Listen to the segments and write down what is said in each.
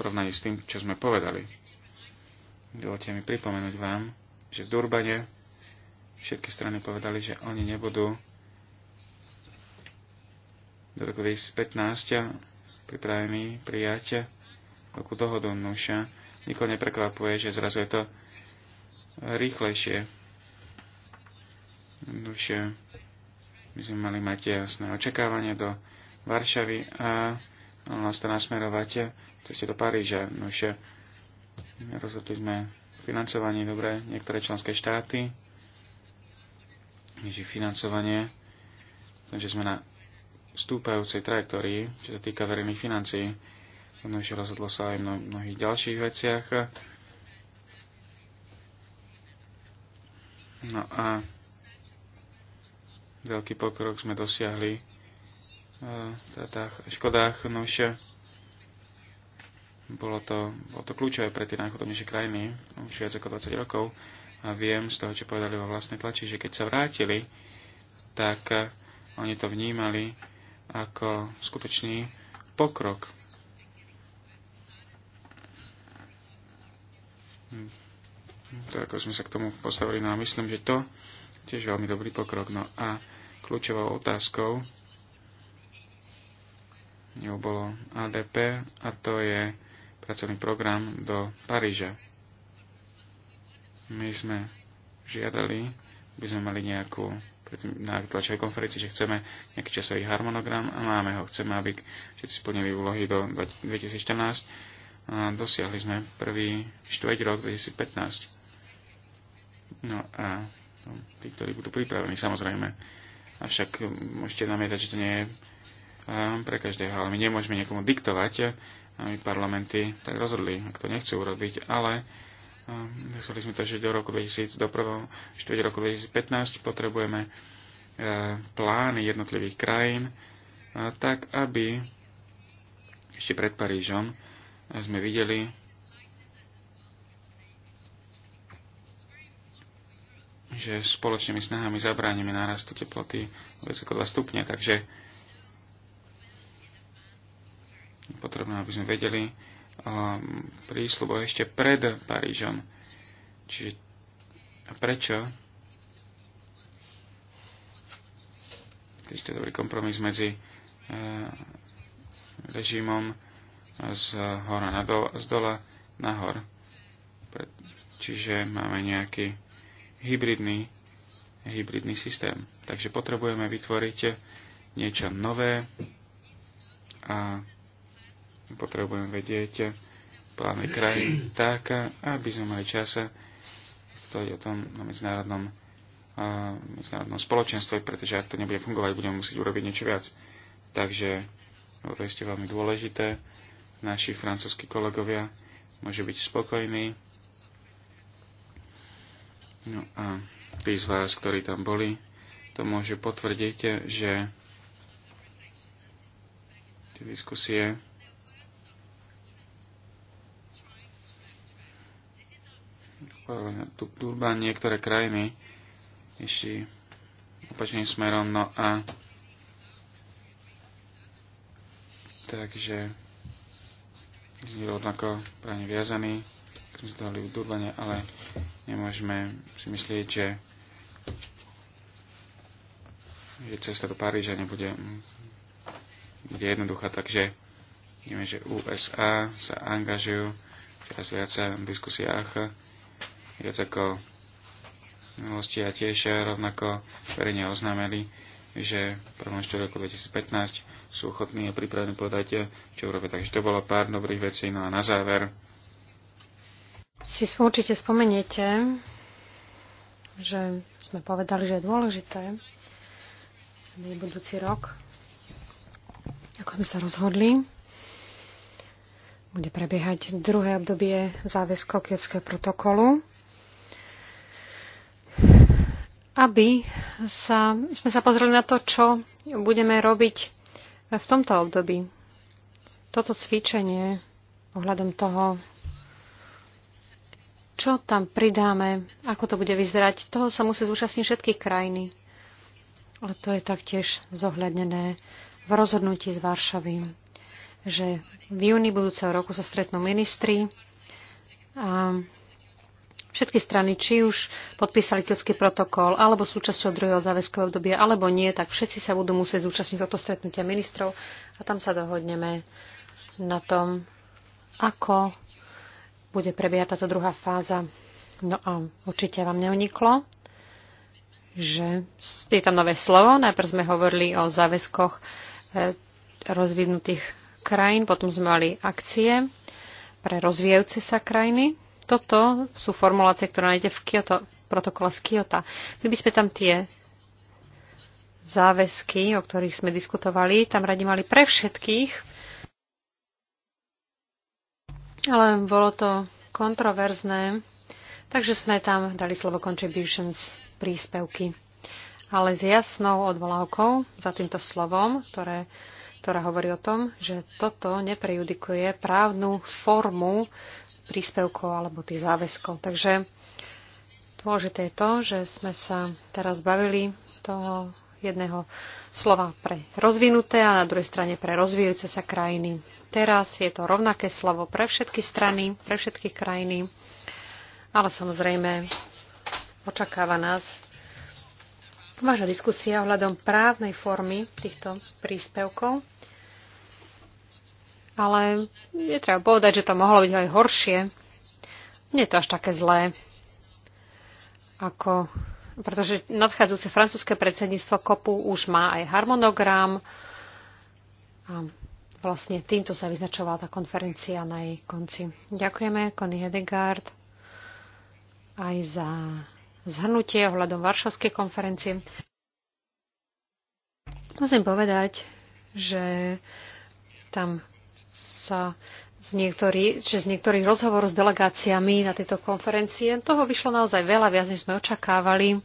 porovnaní s tým, čo sme povedali. Dovolte mi pripomenúť vám, že v Durbane všetky strany povedali, že oni nebudú do roku 2015 pripravení prijať takú dohodu nuša. Nikoho neprekvapuje, že zrazu je to rýchlejšie. Nuž, my sme mali mať jasné očakávanie do Varšavy a nás to nasmerovať ceste do Paríža. No že rozhodli sme financovanie, dobre, niektoré členské štáty, že financovanie, takže sme na stúpajúcej trajektórii, čo sa týka verejných financií. No už rozhodlo sa aj v mnohých ďalších veciach. No a veľký pokrok sme dosiahli stratách, škodách, no už eh, bolo to, bolo to kľúčové pre tie najchodobnejšie krajiny, už viac ako 20 rokov. A viem z toho, čo povedali vo vlastnej tlači, že keď sa vrátili, tak eh, oni to vnímali ako skutočný pokrok. Hm. To ako sme sa k tomu postavili, no a myslím, že to tiež veľmi dobrý pokrok. No a kľúčovou otázkou ňou bolo ADP a to je pracovný program do Paríža. My sme žiadali, by sme mali nejakú na tlačovej konferencii, že chceme nejaký časový harmonogram a máme ho. Chceme, aby všetci splnili úlohy do 2014 a dosiahli sme prvý štveť rok 2015. No a tí, ktorí budú pripravení, samozrejme. Avšak môžete namietať, že to nie je pre každého, ale my nemôžeme niekomu diktovať, aby parlamenty tak rozhodli, ak to nechcú urobiť, ale chceli sme to, že do roku 2000, do prvého štvrť roku 2015 potrebujeme e, plány jednotlivých krajín, tak aby ešte pred Parížom sme videli, že spoločnými snahami zabránime nárastu teploty viac ako 2 stupňa. takže potrebné, aby sme vedeli um, príslubo ešte pred Parížom. Čiže a prečo? Čiže to je dobrý kompromis medzi uh, režimom z hora na dol, z dola nahor. Čiže máme nejaký hybridný, hybridný systém. Takže potrebujeme vytvoriť niečo nové a potrebujeme vedieť plány krajín tak, aby sme mali čas stojí o tom na medzinárodnom, a, medzinárodnom spoločenstve, pretože ak to nebude fungovať, budeme musieť urobiť niečo viac. Takže no, to je veľmi dôležité. Naši francúzskí kolegovia môžu byť spokojní. No a tí z vás, ktorí tam boli, to môžu potvrdiť, že tie diskusie tu Durban niektoré krajiny išli opačným smerom, no a takže sme rovnako právne viazaní, sme zdali v Durbane, ale nemôžeme si myslieť, že že cesta do Paríža nebude bude jednoduchá, takže vieme, že USA sa angažujú čas viac v diskusiách viac ako minulosti a tiež eh, rovnako verejne oznámili, že v prvom štúdiu roku 2015 sú ochotní a pripravení povedať, eh, čo urobia. Takže to bolo pár dobrých vecí. No a na záver. Si určite spomeniete, že sme povedali, že je dôležité na budúci rok, ako sme sa rozhodli, bude prebiehať druhé obdobie záväzkov Kievského protokolu. aby sa, sme sa pozreli na to, čo budeme robiť v tomto období. Toto cvičenie ohľadom toho, čo tam pridáme, ako to bude vyzerať, toho sa musí zúčastniť všetky krajiny. A to je taktiež zohľadnené v rozhodnutí z Varšavy, že v júni budúceho roku sa so stretnú ministri a všetky strany, či už podpísali kiotský protokol, alebo súčasťou druhého záväzkového obdobia, alebo nie, tak všetci sa budú musieť zúčastniť toto stretnutia ministrov a tam sa dohodneme na tom, ako bude prebiehať táto druhá fáza. No a určite vám neuniklo, že je tam nové slovo. Najprv sme hovorili o záväzkoch eh, rozvinutých krajín, potom sme mali akcie pre rozvíjajúce sa krajiny, toto sú formulácie, ktoré nájdete v Kyoto, protokole z Kyoto. My by sme tam tie záväzky, o ktorých sme diskutovali, tam radi mali pre všetkých, ale bolo to kontroverzné, takže sme tam dali slovo contributions, príspevky. Ale s jasnou odvolávkou za týmto slovom, ktoré ktorá hovorí o tom, že toto neprejudikuje právnu formu príspevkov alebo tých záväzkov. Takže dôležité je to, že sme sa teraz bavili toho jedného slova pre rozvinuté a na druhej strane pre rozvíjajúce sa krajiny. Teraz je to rovnaké slovo pre všetky strany, pre všetky krajiny, ale samozrejme očakáva nás vážna diskusia ohľadom právnej formy týchto príspevkov ale je treba povedať, že to mohlo byť aj horšie. Nie je to až také zlé, ako, pretože nadchádzajúce francúzske predsedníctvo kopu už má aj harmonogram a vlastne týmto sa vyznačovala tá konferencia na jej konci. Ďakujeme Conny Hedegaard aj za zhrnutie ohľadom varšovskej konferencie. Musím povedať, že tam sa z, niektorých, z niektorých rozhovorov s delegáciami na tejto konferencie toho vyšlo naozaj veľa, viac než sme očakávali.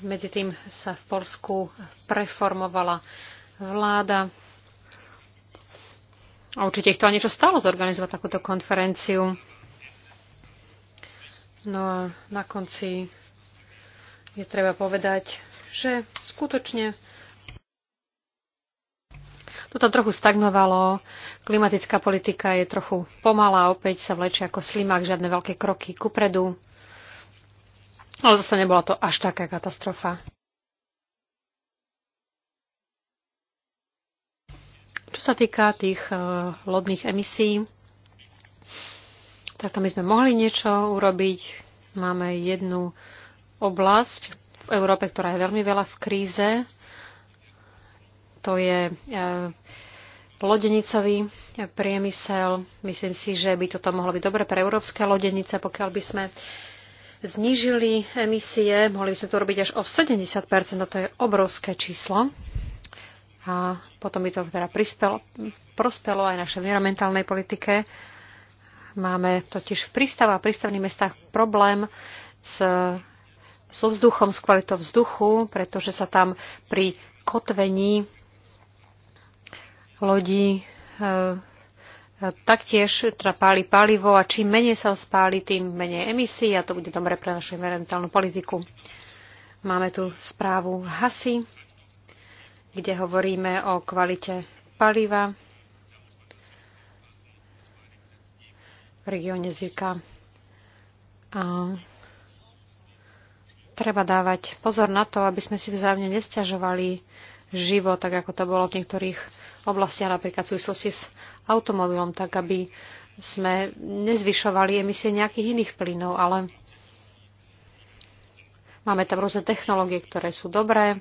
Medzi tým sa v Polsku preformovala vláda. A určite ich to aj niečo stalo zorganizovať takúto konferenciu. No a na konci je treba povedať, že skutočne to tam trochu stagnovalo, klimatická politika je trochu pomalá, opäť sa vlečia ako slimák, žiadne veľké kroky kupredu. Ale zase nebola to až taká katastrofa. Čo sa týka tých uh, lodných emisí, tak tam by sme mohli niečo urobiť. Máme jednu oblasť v Európe, ktorá je veľmi veľa v kríze to je e, lodenicový priemysel. Myslím si, že by toto mohlo byť dobre pre európske lodenice, pokiaľ by sme znížili emisie. Mohli by sme to robiť až o 70 a to je obrovské číslo. A potom by to teda prispelo, prospelo aj našej environmentálnej politike. Máme totiž v prístavu a prístavných mestách problém s so vzduchom, s kvalitou vzduchu, pretože sa tam pri kotvení lodí e, taktiež trapáli teda páli palivo a čím menej sa spáli, tým menej emisí a to bude dobre pre našu environmentálnu politiku. Máme tu správu HASI, kde hovoríme o kvalite paliva v regióne Zirka. A treba dávať pozor na to, aby sme si vzájomne nestiažovali život, tak ako to bolo v niektorých oblastiach, napríklad v súvislosti s automobilom, tak aby sme nezvyšovali emisie nejakých iných plynov, ale máme tam rôzne technológie, ktoré sú dobré.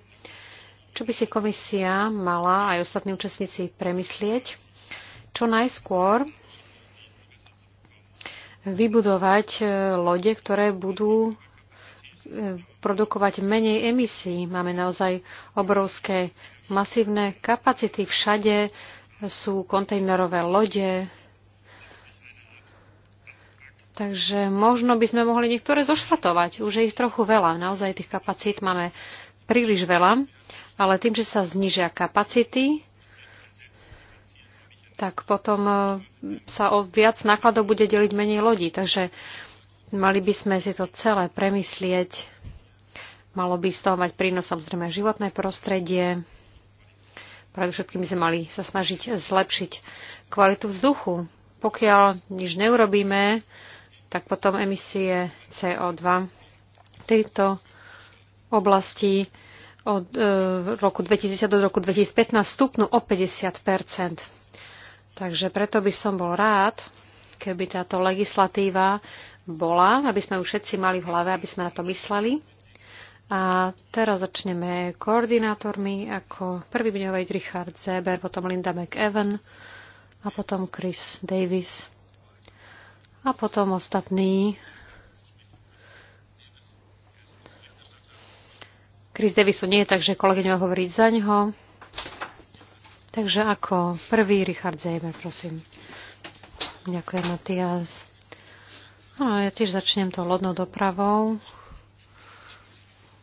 Čo by si komisia mala aj ostatní účastníci premyslieť? Čo najskôr vybudovať e, lode, ktoré budú e, produkovať menej emisí. Máme naozaj obrovské masívne kapacity. Všade sú kontejnerové lode. Takže možno by sme mohli niektoré zošratovať. Už je ich trochu veľa. Naozaj tých kapacít máme príliš veľa. Ale tým, že sa znižia kapacity, tak potom e, sa o viac nákladov bude deliť menej lodí. Takže mali by sme si to celé premyslieť. Malo by z toho mať prínosom samozrejme životné prostredie, Predovšetkým sme mali sa snažiť zlepšiť kvalitu vzduchu. Pokiaľ nič neurobíme, tak potom emisie CO2 v tejto oblasti od e, roku 2010 do roku 2015 stupnú o 50 Takže preto by som bol rád, keby táto legislatíva bola, aby sme ju všetci mali v hlave, aby sme na to mysleli. A teraz začneme koordinátormi. Ako prvý bude hovoriť Richard Zeber, potom Linda McEwen a potom Chris Davis. A potom ostatní. Chris Davisu nie je, takže kolegyňa hovorí za ňoho. Takže ako prvý Richard Zeber, prosím. Ďakujem, Matias. No, ja tiež začnem to lodnou dopravou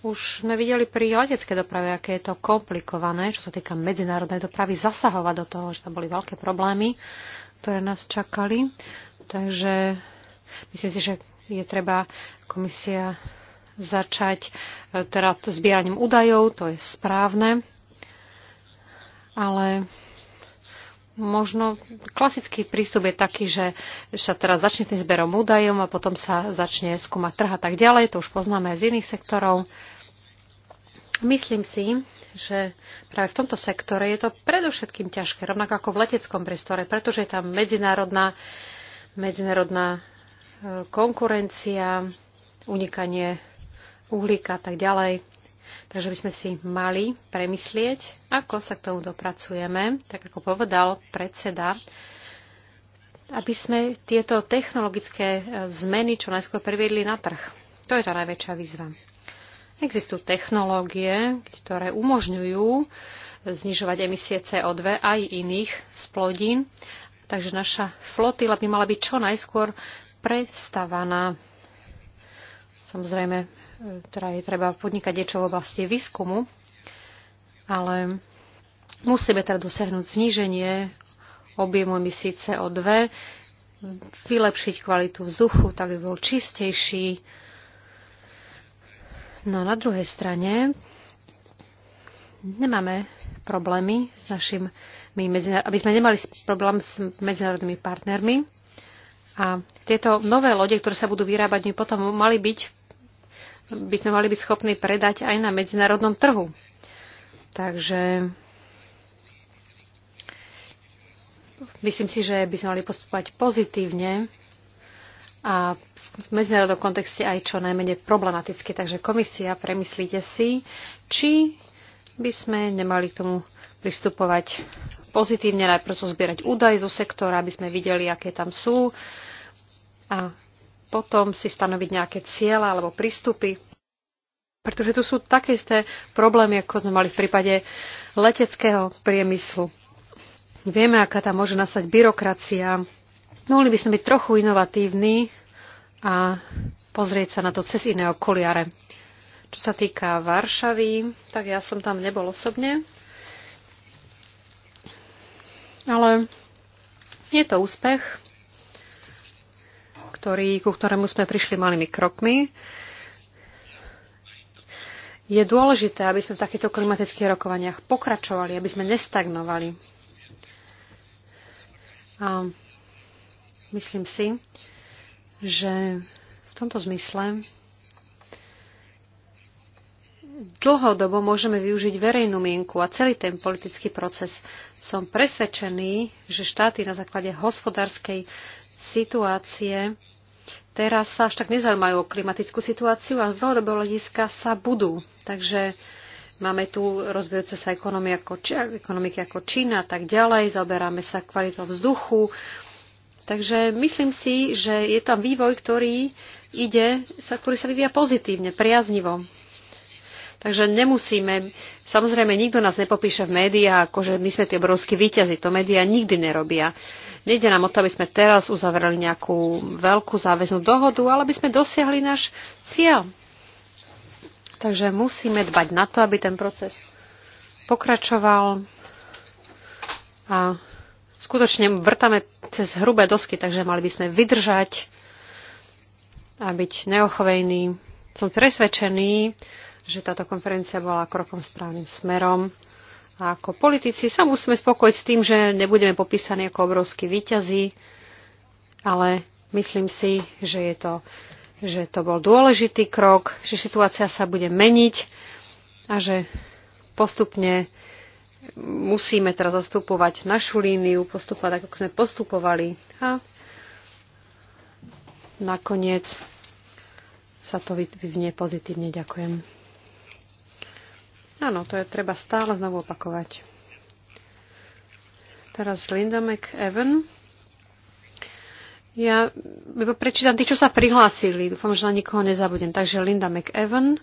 už sme videli pri leteckej doprave, aké je to komplikované, čo sa týka medzinárodnej dopravy, zasahovať do toho, že tam boli veľké problémy, ktoré nás čakali. Takže myslím si, že je treba komisia začať e, teda zbieraním údajov, to je správne, ale možno klasický prístup je taký, že sa teraz začne tým zberom údajom a potom sa začne skúmať trh a tak ďalej, to už poznáme aj z iných sektorov. Myslím si, že práve v tomto sektore je to predovšetkým ťažké, rovnako ako v leteckom priestore, pretože je tam medzinárodná, medzinárodná e, konkurencia, unikanie uhlíka a tak ďalej. Takže by sme si mali premyslieť, ako sa k tomu dopracujeme, tak ako povedal predseda, aby sme tieto technologické e, zmeny čo najskôr priviedli na trh. To je tá najväčšia výzva. Existujú technológie, ktoré umožňujú znižovať emisie CO2 aj iných splodín, takže naša flotila by mala byť čo najskôr prestavaná. Samozrejme, teda je treba podnikať niečo v oblasti výskumu, ale musíme teda dosiahnuť zníženie objemu emisí CO2, vylepšiť kvalitu vzduchu, tak by bol čistejší, No na druhej strane nemáme problémy s našim, aby sme nemali problém s medzinárodnými partnermi. A tieto nové lode, ktoré sa budú vyrábať, by potom mali byť, by sme mali byť schopní predať aj na medzinárodnom trhu. Takže myslím si, že by sme mali postupovať pozitívne a v medzinárodnom kontexte aj čo najmenej problematické. Takže komisia, premyslíte si, či by sme nemali k tomu pristupovať pozitívne, najprv zbierať údaje zo sektora, aby sme videli, aké tam sú a potom si stanoviť nejaké cieľa alebo prístupy. Pretože tu sú také isté problémy, ako sme mali v prípade leteckého priemyslu. Vieme, aká tam môže nastať byrokracia. Mohli by sme byť trochu inovatívni a pozrieť sa na to cez iné okuliare. Čo sa týka Varšavy, tak ja som tam nebol osobne, ale je to úspech, ktorý, ku ktorému sme prišli malými krokmi. Je dôležité, aby sme v takýchto klimatických rokovaniach pokračovali, aby sme nestagnovali. A myslím si, že v tomto zmysle dlhodobo môžeme využiť verejnú mienku a celý ten politický proces. Som presvedčený, že štáty na základe hospodárskej situácie teraz sa až tak nezaujímajú o klimatickú situáciu a z dlhodobého hľadiska sa budú. Takže máme tu rozvíjajúce sa ekonomiky ako, ekonomiky ako Čína a tak ďalej, zaoberáme sa kvalitou vzduchu, Takže myslím si, že je tam vývoj, ktorý, ide, sa, ktorý sa vyvíja pozitívne, priaznivo. Takže nemusíme, samozrejme nikto nás nepopíše v médiách, ako že my sme tie obrovské výťazy, to médiá nikdy nerobia. Nejde nám o to, aby sme teraz uzavreli nejakú veľkú záväznú dohodu, ale aby sme dosiahli náš cieľ. Takže musíme dbať na to, aby ten proces pokračoval a skutočne vrtame cez hrubé dosky, takže mali by sme vydržať a byť neochovejní. Som presvedčený, že táto konferencia bola krokom správnym smerom. A ako politici sa musíme spokojiť s tým, že nebudeme popísaní ako obrovskí výťazí, ale myslím si, že, je to, že to bol dôležitý krok, že situácia sa bude meniť a že postupne musíme teraz zastupovať našu líniu, postupovať ako sme postupovali a nakoniec sa to vyvne pozitívne. Ďakujem. Áno, to je treba stále znovu opakovať. Teraz Linda McEwan. Ja prečítam tých, čo sa prihlásili. Dúfam, že na nikoho nezabudem. Takže Linda McEwan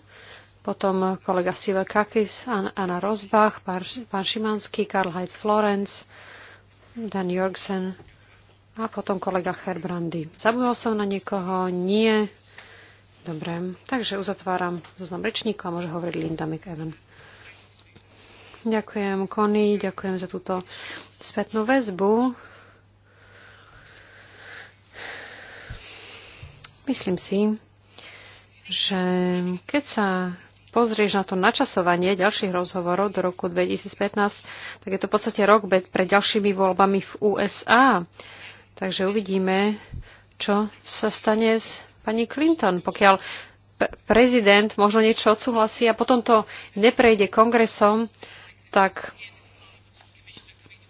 potom kolega Sivel Kakis, Anna Rozbach, pán Šimanský, Karl Heitz Florenc, Dan Jorgsen a potom kolega Herbrandy. Zabudol som na niekoho? Nie. Dobre, takže uzatváram zoznam rečníkov a môže hovoriť Linda McEwen. Ďakujem Kony, ďakujem za túto spätnú väzbu. Myslím si, že keď sa pozrieš na to načasovanie ďalších rozhovorov do roku 2015, tak je to v podstate rok pred ďalšími voľbami v USA. Takže uvidíme, čo sa stane s pani Clinton, pokiaľ prezident možno niečo odsúhlasí a potom to neprejde kongresom, tak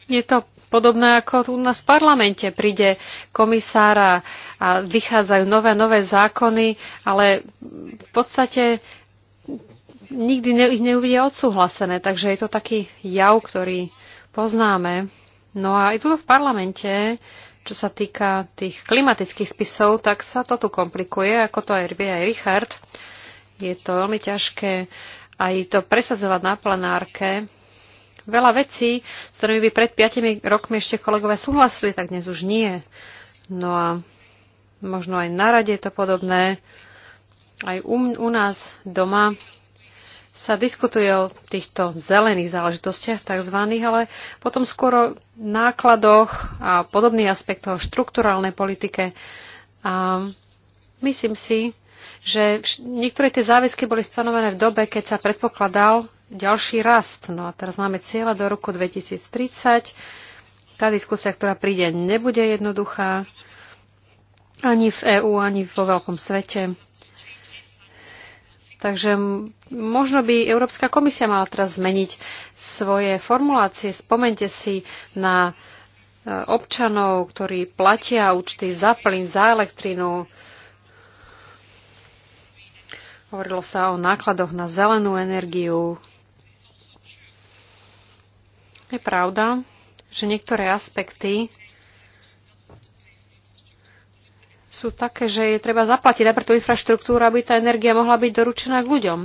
je to podobné ako tu u nás v parlamente. Príde komisára a vychádzajú nové, nové zákony, ale v podstate nikdy ne, ich neuvidia odsúhlasené, takže je to taký jav, ktorý poznáme. No a aj tu v parlamente, čo sa týka tých klimatických spisov, tak sa to tu komplikuje, ako to aj vie aj Richard. Je to veľmi ťažké aj to presadzovať na plenárke. Veľa vecí, s ktorými by pred 5 rokmi ešte kolegové súhlasili, tak dnes už nie. No a možno aj na rade je to podobné. Aj u, u nás doma sa diskutuje o týchto zelených záležitostiach tzv., ale potom skôr o nákladoch a podobných aspektoch štruktúralnej politike. A myslím si, že niektoré tie záväzky boli stanovené v dobe, keď sa predpokladal ďalší rast. No a teraz máme cieľa do roku 2030. Tá diskusia, ktorá príde, nebude jednoduchá ani v EÚ, ani vo veľkom svete. Takže možno by Európska komisia mala teraz zmeniť svoje formulácie. Spomente si na e, občanov, ktorí platia účty za plyn, za elektrinu. Hovorilo sa o nákladoch na zelenú energiu. Je pravda, že niektoré aspekty sú také, že je treba zaplatiť najprv tú infraštruktúru, aby tá energia mohla byť doručená k ľuďom.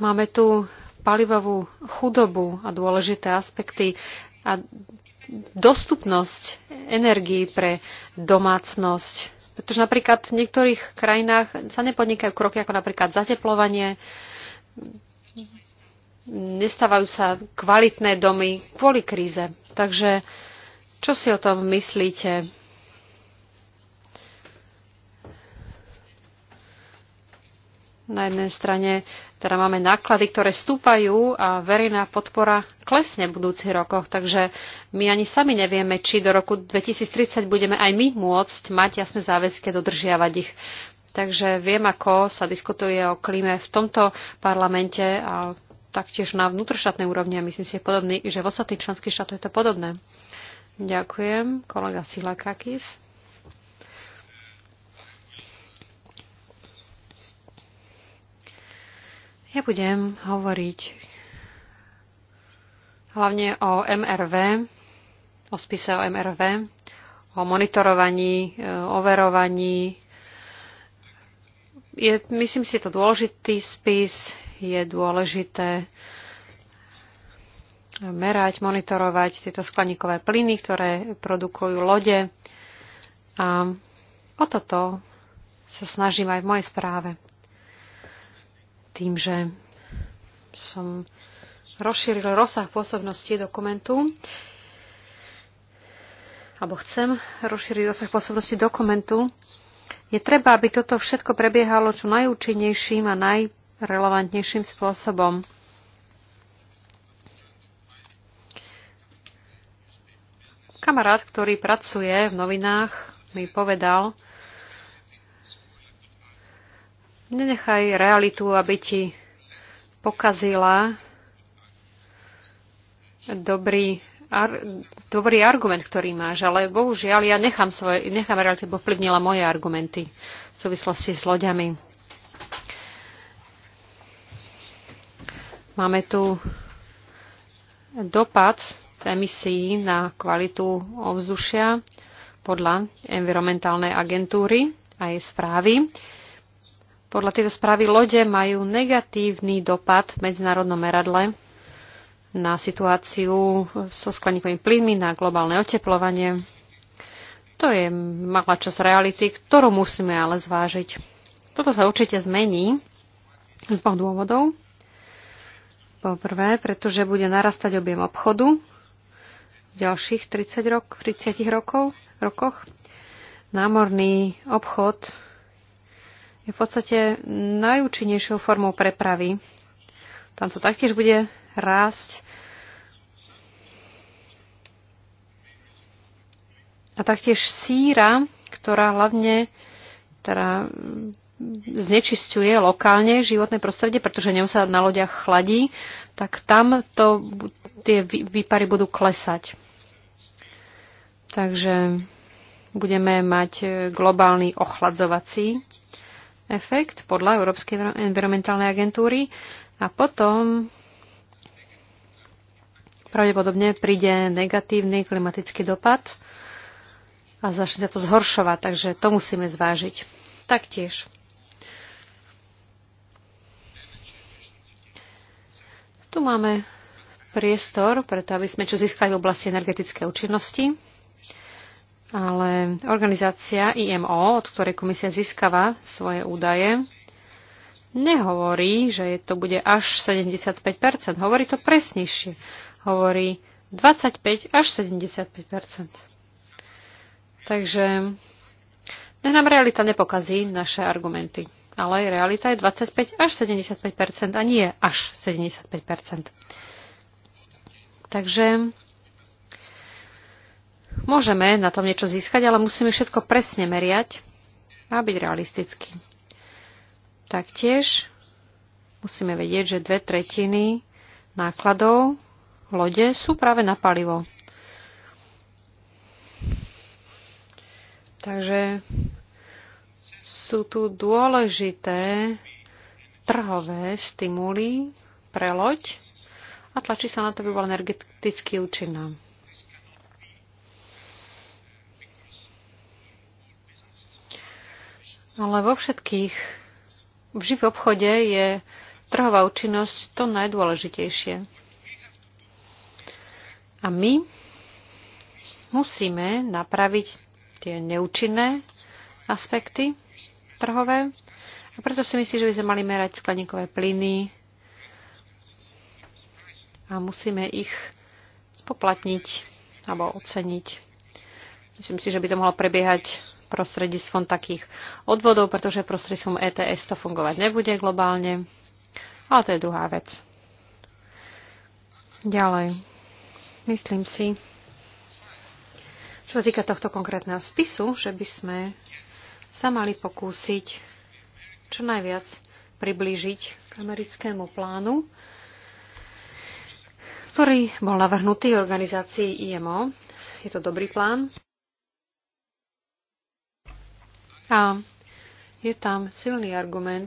Máme tu palivovú chudobu a dôležité aspekty a dostupnosť energii pre domácnosť. Pretože napríklad v niektorých krajinách sa nepodnikajú kroky ako napríklad zateplovanie, nestávajú sa kvalitné domy kvôli kríze. Takže čo si o tom myslíte? Na jednej strane teda máme náklady, ktoré stúpajú a verejná podpora klesne v budúcich rokoch, takže my ani sami nevieme, či do roku 2030 budeme aj my môcť mať jasné záväzky a dodržiavať ich. Takže viem, ako sa diskutuje o klíme v tomto parlamente a taktiež na vnútroštátnej úrovni a myslím si, že, podobný, že v ostatných členských štátoch je to podobné. Ďakujem, kolega Silakakis. Ja budem hovoriť hlavne o MRV, o spise o MRV, o monitorovaní, e, overovaní. Je, myslím si, je to dôležitý spis, je dôležité merať, monitorovať tieto skleníkové plyny, ktoré produkujú lode. A o toto sa snažím aj v mojej správe. Tým, že som rozšíril rozsah pôsobnosti dokumentu, alebo chcem rozšíriť rozsah pôsobnosti dokumentu, je treba, aby toto všetko prebiehalo čo najúčinnejším a najrelevantnejším spôsobom. Kamarát, ktorý pracuje v novinách, mi povedal, nenechaj realitu, aby ti pokazila dobrý, ar, dobrý argument, ktorý máš, ale bohužiaľ ja nechám, svoje, nechám realitu, bo vplyvnila moje argumenty v súvislosti s loďami. Máme tu dopad emisí na kvalitu ovzdušia podľa environmentálnej agentúry a jej správy. Podľa tejto správy lode majú negatívny dopad v medzinárodnom meradle na situáciu so skleníkovými plynmi, na globálne oteplovanie. To je malá časť reality, ktorú musíme ale zvážiť. Toto sa určite zmení z dvoch dôvodov. Poprvé, pretože bude narastať objem obchodu ďalších 30, rok, 30 rokov, rokoch. Námorný obchod je v podstate najúčinnejšou formou prepravy. Tam to taktiež bude rásť. A taktiež síra, ktorá hlavne ktorá znečisťuje lokálne životné prostredie, pretože ňom sa na loďach chladí, tak tam to, tie výpary budú klesať. Takže budeme mať e, globálny ochladzovací efekt podľa Európskej environmentálnej agentúry a potom pravdepodobne príde negatívny klimatický dopad a začne sa to zhoršovať, takže to musíme zvážiť. Taktiež. Tu máme priestor, preto aby sme čo získali v oblasti energetickej účinnosti ale organizácia IMO, od ktorej komisia získava svoje údaje, nehovorí, že to bude až 75%. Hovorí to presnejšie. Hovorí 25 až 75%. Takže nech nám realita nepokazí naše argumenty. Ale realita je 25 až 75% a nie až 75%. Takže Môžeme na tom niečo získať, ale musíme všetko presne meriať a byť realistický. Taktiež musíme vedieť, že dve tretiny nákladov v lode sú práve na palivo. Takže sú tu dôležité trhové stimuly pre loď a tlačí sa na to, aby bola energeticky účinná. Ale vo všetkých, v živom obchode je trhová účinnosť to najdôležitejšie. A my musíme napraviť tie neúčinné aspekty trhové. A preto si myslím, že by sme mali merať skleníkové plyny a musíme ich spoplatniť alebo oceniť. Myslím si, že by to mohlo prebiehať prostredníctvom takých odvodov, pretože prostredníctvom ETS to fungovať nebude globálne. Ale to je druhá vec. Ďalej. Myslím si, čo sa týka tohto konkrétneho spisu, že by sme sa mali pokúsiť čo najviac priblížiť k americkému plánu, ktorý bol navrhnutý organizácii IMO. Je to dobrý plán. A je tam silný argument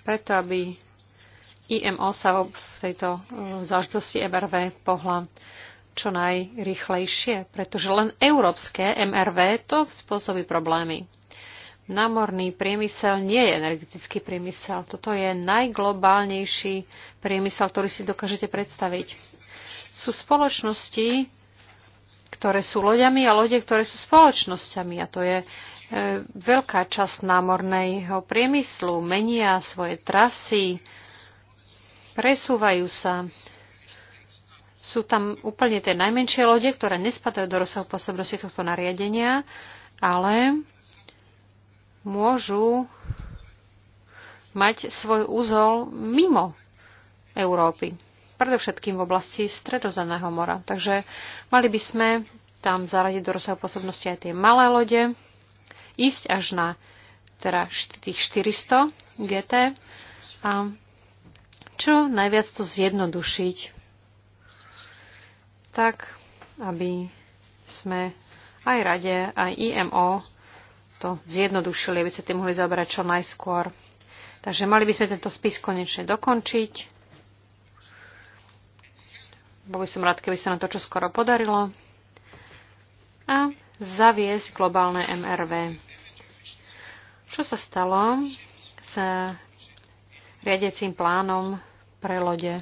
preto, aby IMO sa v tejto e, záležitosti MRV pohla čo najrychlejšie, pretože len európske MRV to spôsobí problémy. Námorný priemysel nie je energetický priemysel. Toto je najglobálnejší priemysel, ktorý si dokážete predstaviť. Sú spoločnosti, ktoré sú loďami a lode, ktoré sú spoločnosťami. A to je E, veľká časť námorného priemyslu menia svoje trasy, presúvajú sa. Sú tam úplne tie najmenšie lode, ktoré nespadajú do rozsahu pôsobnosti tohto nariadenia, ale môžu mať svoj úzol mimo Európy. Predovšetkým v oblasti Stredozemného mora. Takže mali by sme tam zaradiť do rozsahu pôsobnosti aj tie malé lode, ísť až na teda tých 400 GT a čo najviac to zjednodušiť tak, aby sme aj rade, aj IMO to zjednodušili, aby sa tým mohli zabrať čo najskôr. Takže mali by sme tento spis konečne dokončiť. Bol by som rád, keby sa nám to čo skoro podarilo. A zaviesť globálne MRV. Čo sa stalo s riadiacím plánom pre lode?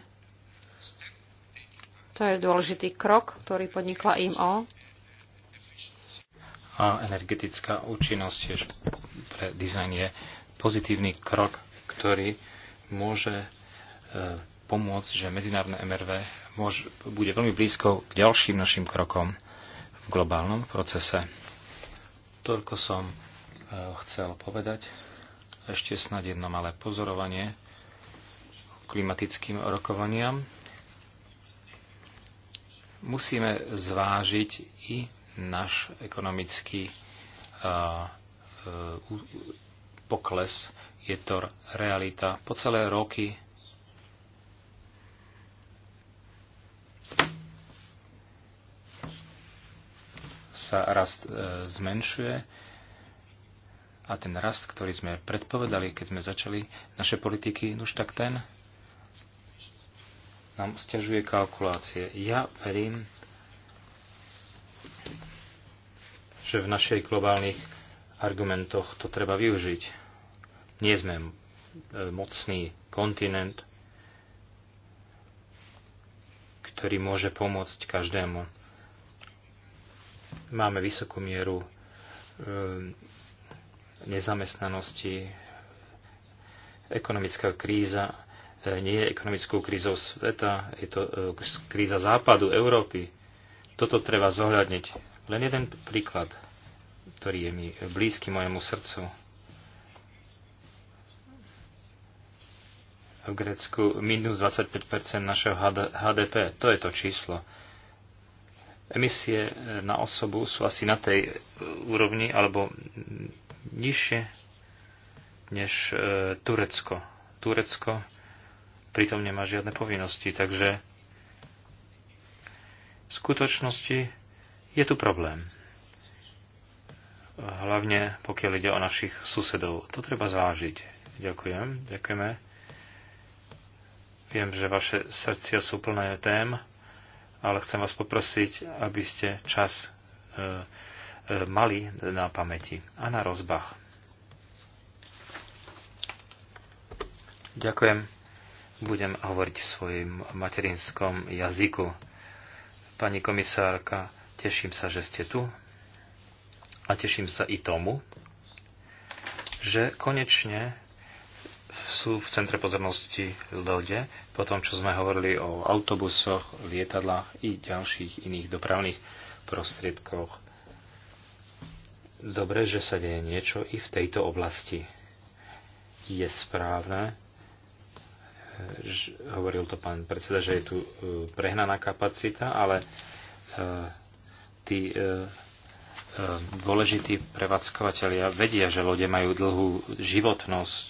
To je dôležitý krok, ktorý podnikla IMO. A energetická účinnosť tiež pre dizajn je pozitívny krok, ktorý môže e, pomôcť, že medzinárodné MRV môže, bude veľmi blízko k ďalším našim krokom v globálnom procese. Toľko som Eh, chcel povedať. Ešte snad jedno malé pozorovanie klimatickým rokovaniam. Musíme zvážiť i náš ekonomický eh, eh, pokles. Je to realita po celé roky sa rast zmenšuje a ten rast, ktorý sme predpovedali, keď sme začali naše politiky, už tak ten nám stiažuje kalkulácie. Ja verím, že v našich globálnych argumentoch to treba využiť. Nie sme e, mocný kontinent, ktorý môže pomôcť každému. Máme vysokú mieru e, nezamestnanosti, ekonomická kríza e, nie je ekonomickou krízou sveta, je to e, kríza západu Európy. Toto treba zohľadniť. Len jeden príklad, ktorý je mi blízky mojemu srdcu. v Grécku minus 25 našeho HDP. To je to číslo. Emisie na osobu sú asi na tej úrovni alebo nižšie než e, Turecko. Turecko pritom nemá žiadne povinnosti, takže v skutočnosti je tu problém. Hlavne pokiaľ ide o našich susedov. To treba zvážiť. Ďakujem, ďakujeme. Viem, že vaše srdcia sú plné tém, ale chcem vás poprosiť, aby ste čas e, mali na pamäti. A na rozbach. Ďakujem. Budem hovoriť v svojom materinskom jazyku. Pani komisárka, teším sa, že ste tu. A teším sa i tomu, že konečne sú v centre pozornosti lode, po tom, čo sme hovorili o autobusoch, lietadlách i ďalších iných dopravných prostriedkoch dobre, že sa deje niečo i v tejto oblasti. Je správne, e, hovoril to pán predseda, že je tu e, prehnaná kapacita, ale e, tí dôležití prevádzkovateľia vedia, že lode majú dlhú životnosť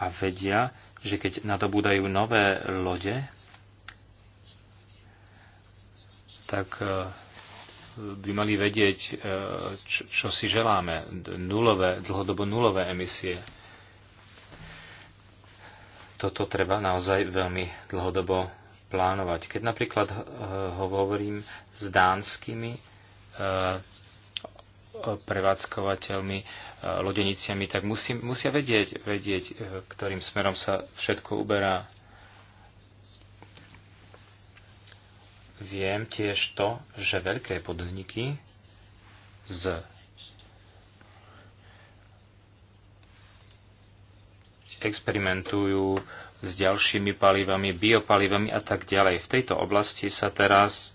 a vedia, že keď nadobúdajú nové lode, tak by mali vedieť, e, čo, čo si želáme. Nulové, dlhodobo nulové emisie. Toto treba naozaj veľmi dlhodobo plánovať. Keď napríklad e, hovorím s dánskymi e, prevádzkovateľmi, lodeniciami, tak musí, musia vedieť, vedieť, ktorým smerom sa všetko uberá Viem tiež to, že veľké podniky z experimentujú s ďalšími palivami, biopalivami a tak ďalej. V tejto oblasti sa teraz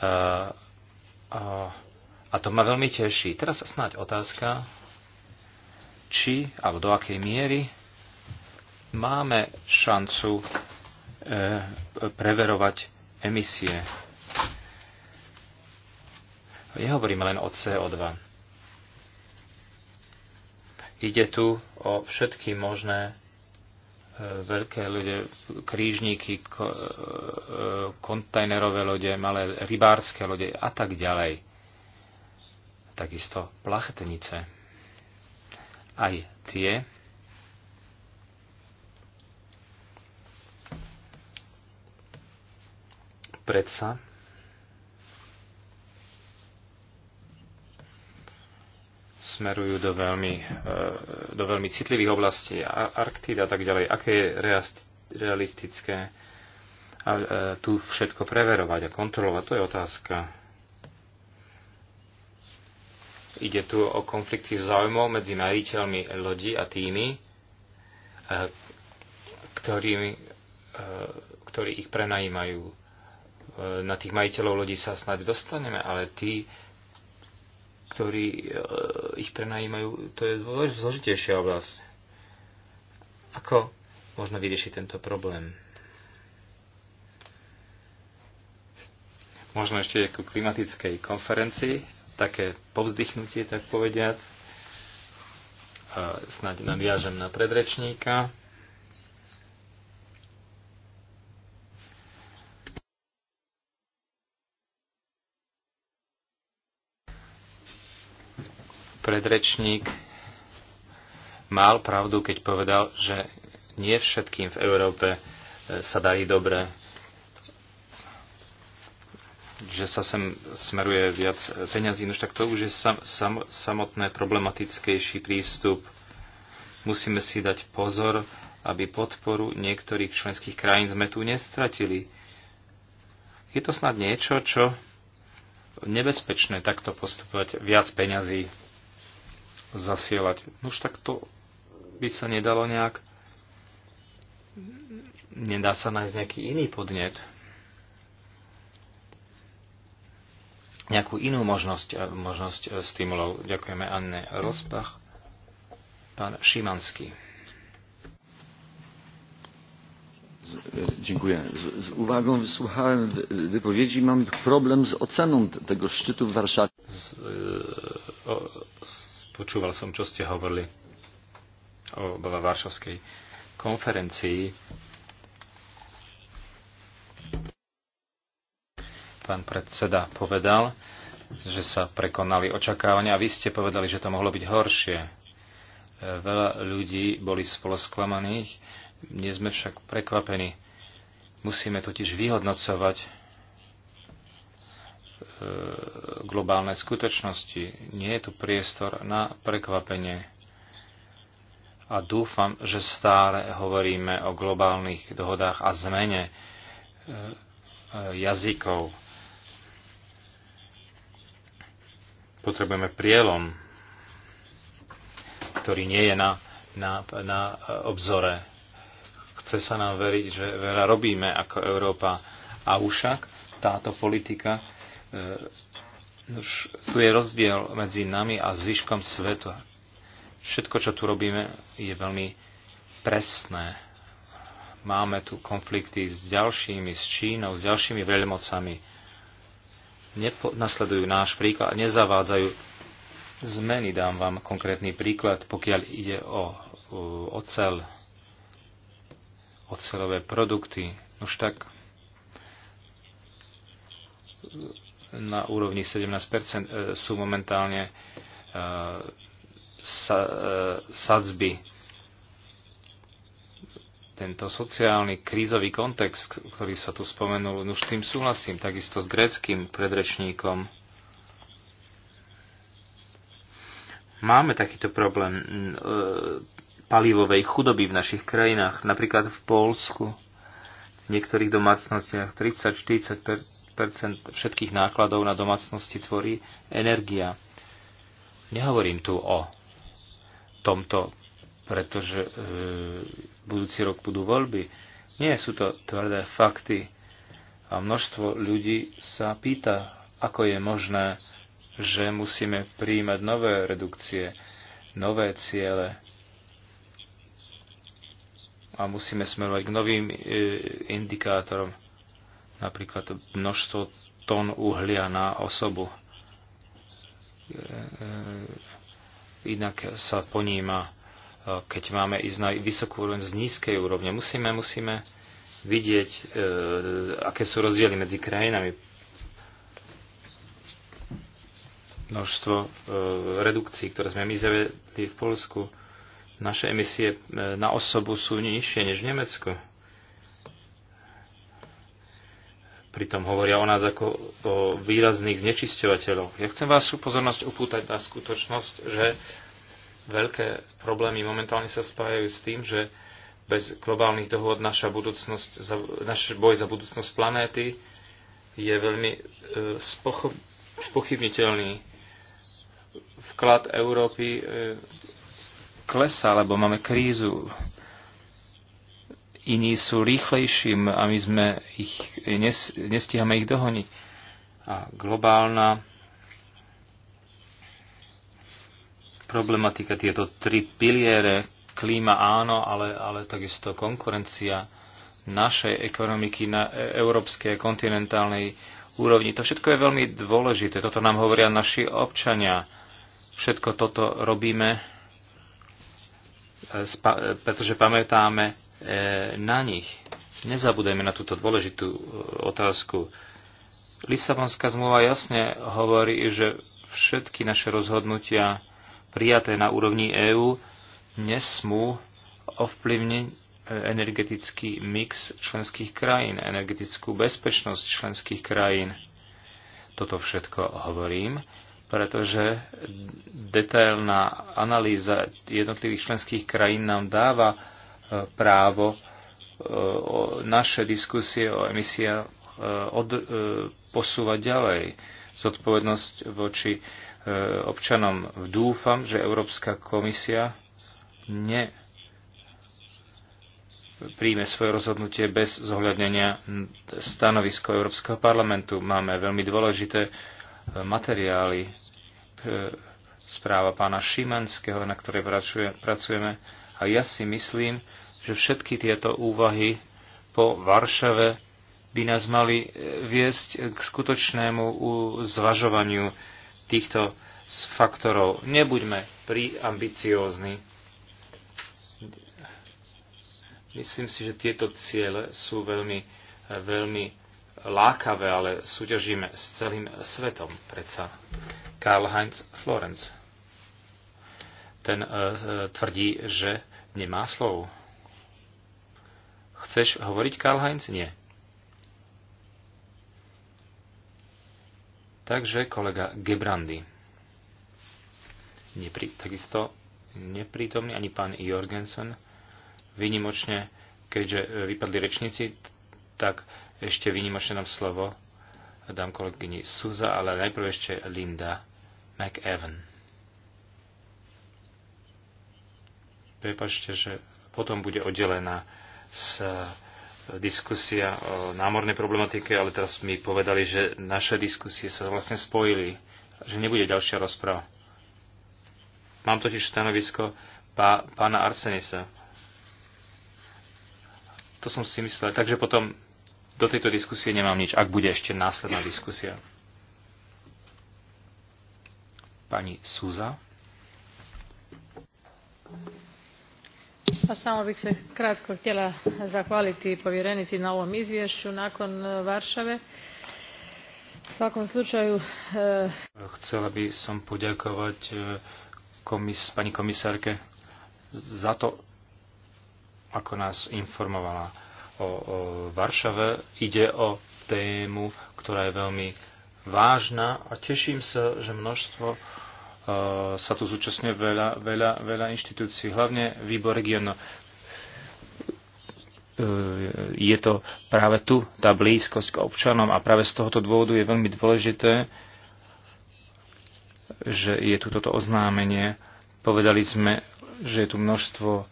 uh, uh, a to ma veľmi teší. Teraz snáď otázka, či alebo do akej miery máme šancu uh, preverovať emisie. Nehovoríme len o CO2. Ide tu o všetky možné e, veľké lode, krížníky, e, kontajnerové lode, malé rybárske lode a tak ďalej. Takisto plachtenice. Aj tie predsa. smerujú do veľmi, e, do veľmi citlivých oblastí, Arktida a tak ďalej. Aké je realistické a e, tu všetko preverovať a kontrolovať, to je otázka. Ide tu o konflikty záujmov medzi majiteľmi lodi a tými, e, ktorými, ktorí ich prenajímajú. E, na tých majiteľov lodí sa snad dostaneme, ale tí, ktorí e, ich prenajímajú, to je zložitejšia oblasť. Ako možno vyriešiť tento problém? Možno ešte ku klimatickej konferencii, také povzdychnutie, tak povediac. E, Snaď nadviažem na predrečníka. predrečník mal pravdu, keď povedal, že nie všetkým v Európe e, sa darí dobre, že sa sem smeruje viac peňazí. no tak to už je sam, sam, samotné problematickejší prístup. Musíme si dať pozor, aby podporu niektorých členských krajín sme tu nestratili. Je to snad niečo, čo nebezpečné takto postupovať viac peňazí zasielať. No už tak to by sa nedalo nejak... Nedá sa nájsť nejaký iný podnet. Nejakú inú možnosť, eh, možnosť eh, stimulov. Ďakujeme Anne Rozbach. Pán Šimanský. Dziękuję. Z, z uwagą wysłuchałem wypowiedzi. Mam problem z oceną tego szczytu w Warszawie. Z, eh, o, z Počúval som, čo ste hovorili o Varšavskej konferencii. Pán predseda povedal, že sa prekonali očakávania a vy ste povedali, že to mohlo byť horšie. E, veľa ľudí boli spolo sklamaných, nie sme však prekvapení. Musíme totiž vyhodnocovať E, globálne skutočnosti. Nie je tu priestor na prekvapenie. A dúfam, že stále hovoríme o globálnych dohodách a zmene e, e, jazykov. Potrebujeme prielom, ktorý nie je na, na, na obzore. Chce sa nám veriť, že veľa robíme ako Európa. A ušak táto politika E, tu je rozdiel medzi nami a zvyškom sveta. Všetko, čo tu robíme, je veľmi presné. Máme tu konflikty s ďalšími, s Čínou, s ďalšími veľmocami. Nepo- nasledujú náš príklad, nezavádzajú zmeny. Dám vám konkrétny príklad, pokiaľ ide o, o ocel, ocelové produkty. Už tak na úrovni 17 e, sú momentálne e, sa, e, sadzby. Tento sociálny krízový kontext, ktorý sa tu spomenul, no už tým súhlasím, takisto s greckým predrečníkom. Máme takýto problém palivovej chudoby v našich krajinách, napríklad v Polsku. V niektorých domácnostiach 30-40 všetkých nákladov na domácnosti tvorí energia. Nehovorím tu o tomto, pretože e, budúci rok budú voľby. Nie sú to tvrdé fakty. A množstvo ľudí sa pýta, ako je možné, že musíme príjmať nové redukcie, nové ciele a musíme smerovať k novým e, indikátorom napríklad množstvo tón uhlia na osobu. E, e, inak sa poníma, e, keď máme ísť na vysokú úroveň z nízkej úrovne. Musíme, musíme vidieť, aké sú rozdiely medzi krajinami. Množstvo redukcií, ktoré sme my zavedli v Polsku, naše emisie na osobu sú nižšie než v Nemecku Pritom hovoria o nás ako o výrazných znečisťovateľoch. Ja chcem vás pozornosť upútať na skutočnosť, že veľké problémy momentálne sa spájajú s tým, že bez globálnych dohôd naša budúcnosť, naš náš boj za budúcnosť planéty je veľmi e, spochybniteľný. Vklad Európy klesa klesá, lebo máme krízu iní sú rýchlejší a my sme ich, nes, nestíhame ich dohoniť. A globálna problematika, tieto tri piliere, klíma áno, ale, ale takisto konkurencia našej ekonomiky na e, európskej kontinentálnej úrovni. To všetko je veľmi dôležité. Toto nám hovoria naši občania. Všetko toto robíme, e, e, pretože pamätáme E, na nich. Nezabudajme na túto dôležitú e, otázku. Lisabonská zmluva jasne hovorí, že všetky naše rozhodnutia prijaté na úrovni EÚ nesmú ovplyvniť e, energetický mix členských krajín, energetickú bezpečnosť členských krajín. Toto všetko hovorím, pretože detailná analýza jednotlivých členských krajín nám dáva právo e, naše diskusie o emisiách e, od, e, posúvať ďalej. Zodpovednosť voči občanom. Dúfam, že Európska komisia ne príjme svoje rozhodnutie bez zohľadnenia stanovisko Európskeho parlamentu. Máme veľmi dôležité materiály správa pána Šimanského, na ktorej pracujeme a ja si myslím, že všetky tieto úvahy po Varšave by nás mali e, viesť k skutočnému zvažovaniu týchto faktorov. Nebuďme priambiciózni. Myslím si, že tieto ciele sú veľmi, e, veľmi lákavé, ale súťažíme s celým svetom. Predsa Karl Heinz Florenz ten e, e, tvrdí, že nemá slov. Chceš hovoriť, Karl Heinz? Nie. Takže kolega Gebrandy. Nepri, takisto neprítomný ani pán Jorgensen. Vynimočne, keďže e, vypadli rečníci, tak ešte vynimočne nám slovo dám kolegyni Suza, ale najprv ešte Linda McEwan. Prepačte, že potom bude oddelená s e, diskusia o námornej problematike, ale teraz mi povedali, že naše diskusie sa vlastne spojili, že nebude ďalšia rozprava. Mám totiž stanovisko pá, pána Arsenisa. To som si myslel. Takže potom do tejto diskusie nemám nič, ak bude ešte následná diskusia. Pani Súza samo bih se kratko htjela zahvaliti povjerenici na ovom izvješću nakon e, varšave. v svakom slučaju e, chcela by som poďakovať e, komis, pani za to ako nas informovala o, o Varšave. Ide o tému, ktorá je veľmi vážna a teším sa, že množstvo E, sa tu zúčastňuje veľa, veľa, veľa inštitúcií, hlavne výbor regionu. E, je to práve tu tá blízkosť k občanom a práve z tohoto dôvodu je veľmi dôležité, že je tu toto oznámenie. Povedali sme, že je tu množstvo e,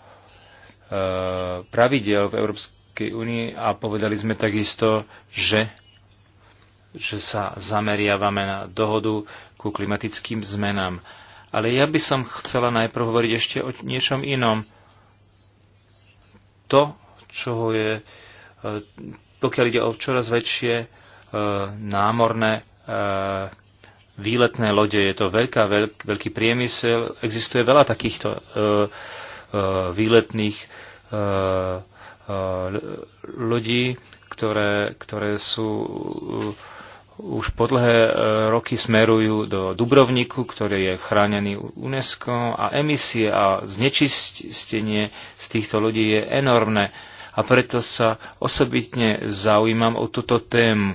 pravidel v Európskej únii a povedali sme takisto, že že sa zameriavame na dohodu ku klimatickým zmenám. Ale ja by som chcela najprv hovoriť ešte o niečom inom. To, čo je, e, pokiaľ ide o čoraz väčšie e, námorné e, výletné lode, je to veľká, veľk, veľký priemysel, existuje veľa takýchto výletných lodí, ktoré, ktoré sú už po dlhé e, roky smerujú do Dubrovniku, ktorý je chránený UNESCO a emisie a znečistenie z týchto ľudí je enormné. A preto sa osobitne zaujímam o túto tému.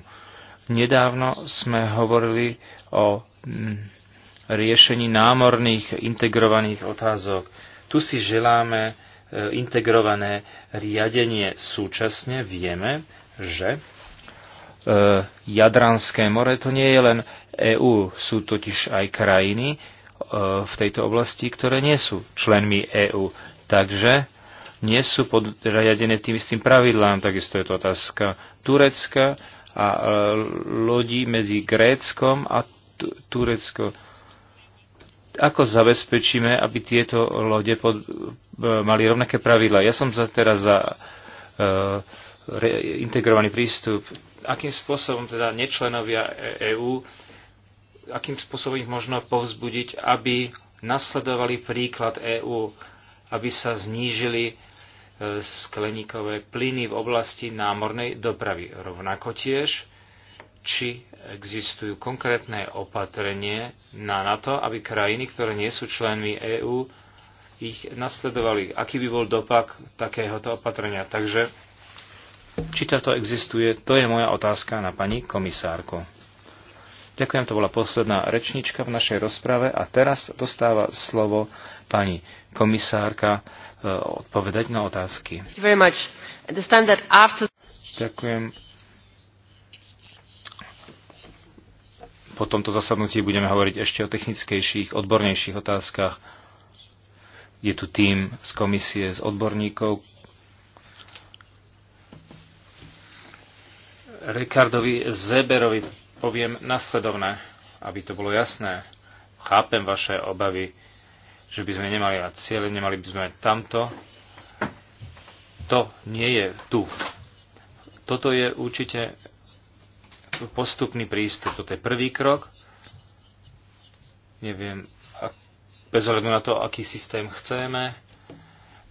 Nedávno sme hovorili o mm, riešení námorných integrovaných otázok. Tu si želáme e, integrované riadenie. Súčasne vieme, že E, Jadranské more to nie je len EÚ, sú totiž aj krajiny e, v tejto oblasti, ktoré nie sú členmi EÚ. Takže nie sú podriadené tým istým pravidlám. Takisto je to otázka Turecka a e, lodí medzi Gréckom a Turecko. Ako zabezpečíme, aby tieto lode pod, mali rovnaké pravidlá? Ja som za, teraz za e, integrovaný prístup akým spôsobom teda nečlenovia EÚ, e akým spôsobom ich možno povzbudiť, aby nasledovali príklad EÚ, aby sa znížili e, skleníkové plyny v oblasti námornej dopravy. Rovnako tiež, či existujú konkrétne opatrenie na, na to, aby krajiny, ktoré nie sú členmi EÚ, ich nasledovali. Aký by bol dopak takéhoto opatrenia? Takže či táto existuje, to je moja otázka na pani komisárko. Ďakujem, to bola posledná rečnička v našej rozprave a teraz dostáva slovo pani komisárka e, odpovedať na otázky. Ďakujem. Po tomto zasadnutí budeme hovoriť ešte o technickejších, odbornejších otázkach. Je tu tým z komisie, z odborníkov, Rikardovi Zeberovi poviem nasledovné, aby to bolo jasné. Chápem vaše obavy, že by sme nemali mať cieľ, nemali by sme mať tamto. To nie je tu. Toto je určite postupný prístup. Toto je prvý krok. Neviem, bez ohľadu na to, aký systém chceme,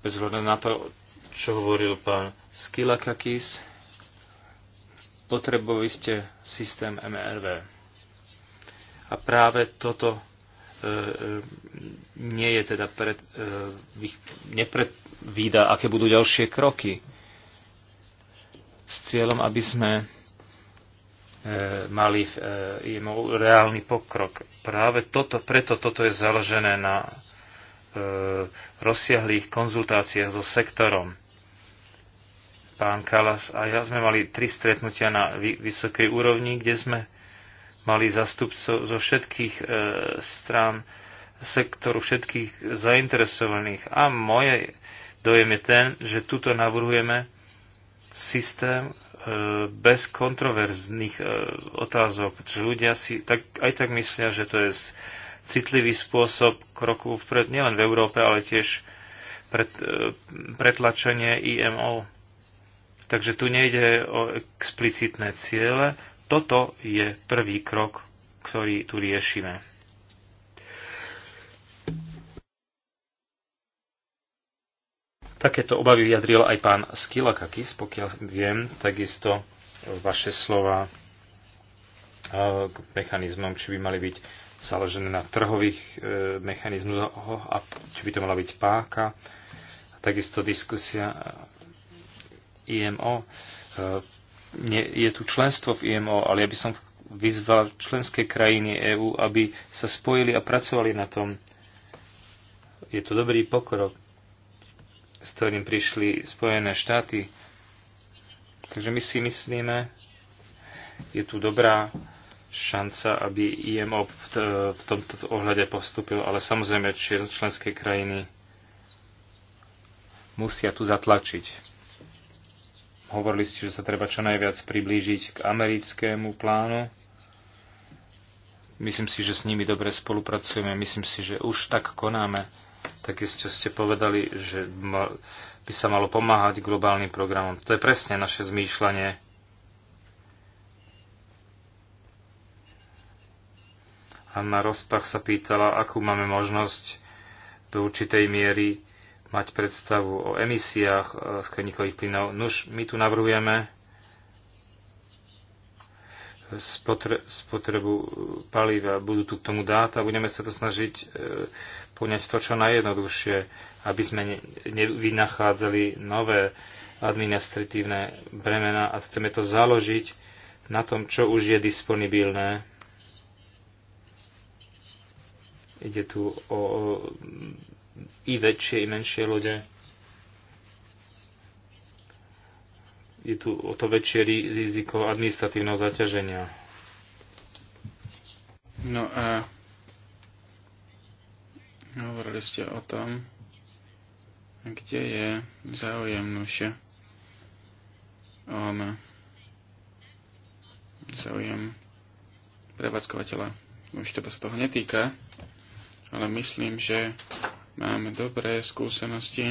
bez ohľadu na to, čo hovoril pán Skilakakis, potrebovali ste systém MRV. A práve toto e, e, nie je teda pred, e, nepredvída, aké budú ďalšie kroky s cieľom, aby sme mali reálny pokrok. Práve toto, preto toto je založené na rozsiahlých konzultáciách so sektorom pán Kalas a ja sme mali tri stretnutia na vysokej úrovni, kde sme mali zastupcov zo všetkých e, strán sektoru, všetkých zainteresovaných. A moje dojem je ten, že tuto navrhujeme systém e, bez kontroverzných e, otázok, pretože ľudia si tak, aj tak myslia, že to je citlivý spôsob kroku vpred nielen v Európe, ale tiež pret, e, pretlačenie IMO. Takže tu nejde o explicitné ciele. Toto je prvý krok, ktorý tu riešime. Takéto obavy vyjadril aj pán Skilakakis, pokiaľ viem, takisto vaše slova eh, k mechanizmom, či by mali byť založené na trhových eh, mechanizmoch a či by to mala byť páka. Takisto diskusia IMO. E, nie, je tu členstvo v IMO, ale ja by som vyzval členské krajiny EÚ, aby sa spojili a pracovali na tom. Je to dobrý pokrok, s ktorým prišli Spojené štáty. Takže my si myslíme, je tu dobrá šanca, aby IMO v tomto ohľade postupil, ale samozrejme členské krajiny musia tu zatlačiť. Hovorili ste, že sa treba čo najviac priblížiť k americkému plánu. Myslím si, že s nimi dobre spolupracujeme. Myslím si, že už tak konáme. Takisto ste povedali, že by sa malo pomáhať globálnym programom. To je presne naše zmýšľanie. Anna Rozpach sa pýtala, akú máme možnosť do určitej miery mať predstavu o emisiách e, skleníkových plynov. Nuž, my tu navrhujeme spotrebu paliva, budú tu k tomu dáta, budeme sa to snažiť e, poňať to čo najjednoduchšie, aby sme nevynachádzali nové administratívne bremena a chceme to založiť na tom, čo už je disponibilné. Ide tu o i väčšie, i menšie lode. Je tu o to väčšie riziko administratívneho zaťaženia. No a hovorili ste o tom, kde je záujem nuše on záujem prevádzkovateľa. Už teda sa toho netýka, ale myslím, že Máme dobré skúsenosti.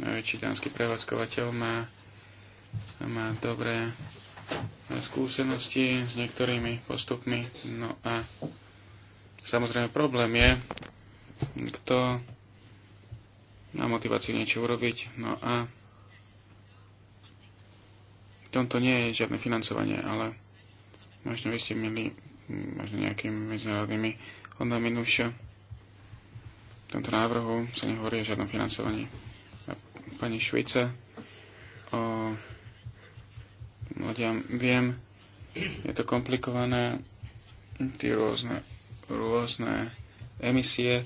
Najväčší dánsky prevádzkovateľ má, má dobré skúsenosti s niektorými postupmi. No a samozrejme problém je, kto má motiváciu niečo urobiť. No a v tomto nie je žiadne financovanie, ale možno by ste mieli možno nejakými medzinárodnými hodnami nušia tomto návrhu sa nehovorí o žiadnom financovaní pani Švice o ľudia, viem, je to komplikované, tie rôzne, rôzne emisie.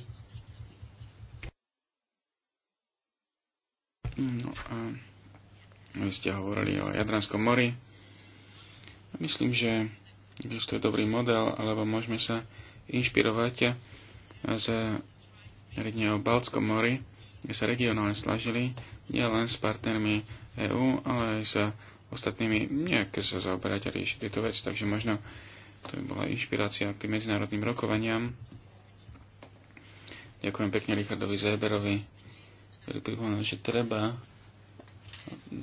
No a vy ste hovorili o Jadranskom mori. Myslím, že existuje dobrý model, alebo môžeme sa inšpirovať z nariadenie o Baltskom mori, kde sa regionálne slažili nie len s partnermi EÚ, ale aj s ostatnými nejaké sa zaoberať a riešiť tieto veci. Takže možno to by bola inšpirácia k tým medzinárodným rokovaniam. Ďakujem pekne Richardovi Zéberovi, ktorý pripomínal, že treba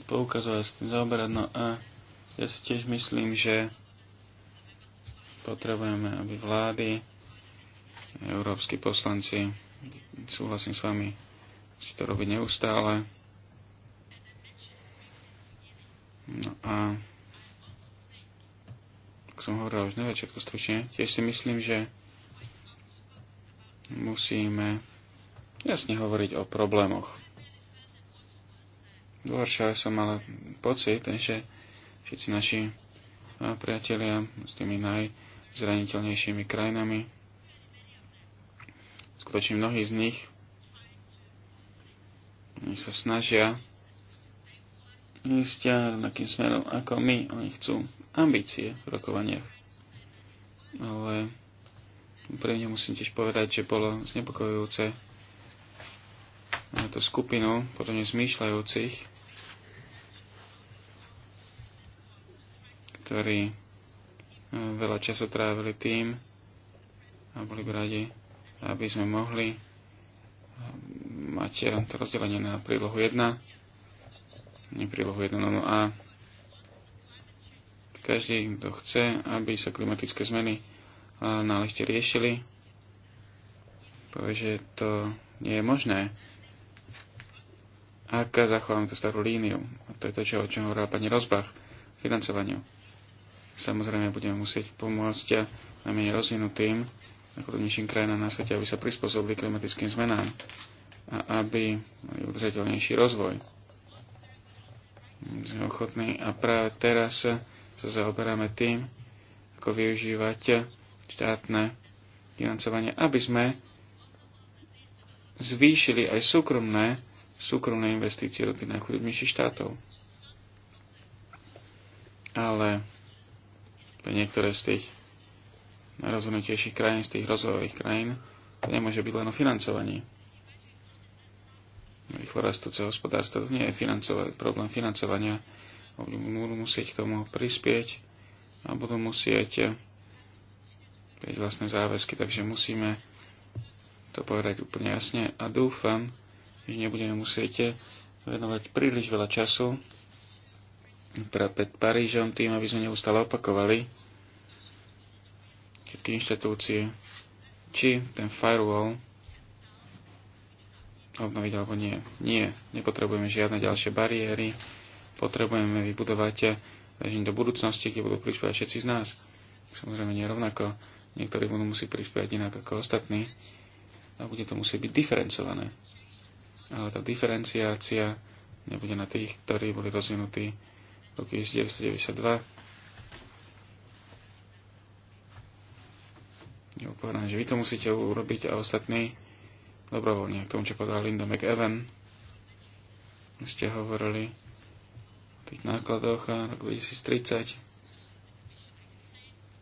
poukazovať s tým zaoberať. No a ja si tiež myslím, že potrebujeme, aby vlády, európsky poslanci, Súhlasím s vami, si to robiť neustále. No a tak som hovoril už na začiatku stručne, tiež si myslím, že musíme jasne hovoriť o problémoch. Dôvršia som mal pocit, že všetci naši priatelia s tými najzraniteľnejšími krajinami Skutočne mnohí z nich sa snažia ísť rovnakým smerom ako my. Oni chcú ambície v rokovaniach. Ale úprimne musím tiež povedať, že bolo znepokojujúce na tú skupinu potom zmýšľajúcich, ktorí eh, veľa času trávili tým a boli radi aby sme mohli eh, mať eh, to rozdelenie na prílohu 1, nie prílohu 1, no, no a každý, kto chce, aby sa klimatické zmeny eh, náležite riešili, povie, že to nie je možné, ak zachováme tú starú líniu. A to je to, čo, o čom hovorila pani Rozbach, financovaniu. Samozrejme, budeme musieť pomôcť a najmenej rozvinutým, najchudobnejším krajinám na svete, aby sa prispôsobili klimatickým zmenám a aby mali udržateľnejší rozvoj. Sme ochotní a práve teraz sa zaoberáme tým, ako využívať štátne financovanie, aby sme zvýšili aj súkromné, súkromné investície do tých najchudobnejších štátov. Ale niektoré z tých najrozvinutejších krajín, z tých rozvojových krajín, to nemôže byť len o financovaní. Rýchlo rastúce hospodárstvo to nie je problém financovania. Budú musieť k tomu prispieť a budú musieť prieť vlastné záväzky, takže musíme to povedať úplne jasne a dúfam, že nebudeme musieť venovať príliš veľa času pred Parížom tým, aby sme neustále opakovali, všetky inštitúcie, či ten firewall obnoviť alebo nie. Nie, nepotrebujeme žiadne ďalšie bariéry, potrebujeme vybudovať režim do budúcnosti, kde budú prispievať všetci z nás. Samozrejme nie rovnako, niektorí budú musieť prispievať inak ako ostatní a bude to musieť byť diferencované. Ale tá diferenciácia nebude na tých, ktorí boli rozvinutí v roku 1992 povedané, že vy to musíte urobiť a ostatní dobrovoľne. K tomu, čo povedala Linda McEwen, ste hovorili o tých nákladoch a rok 2030.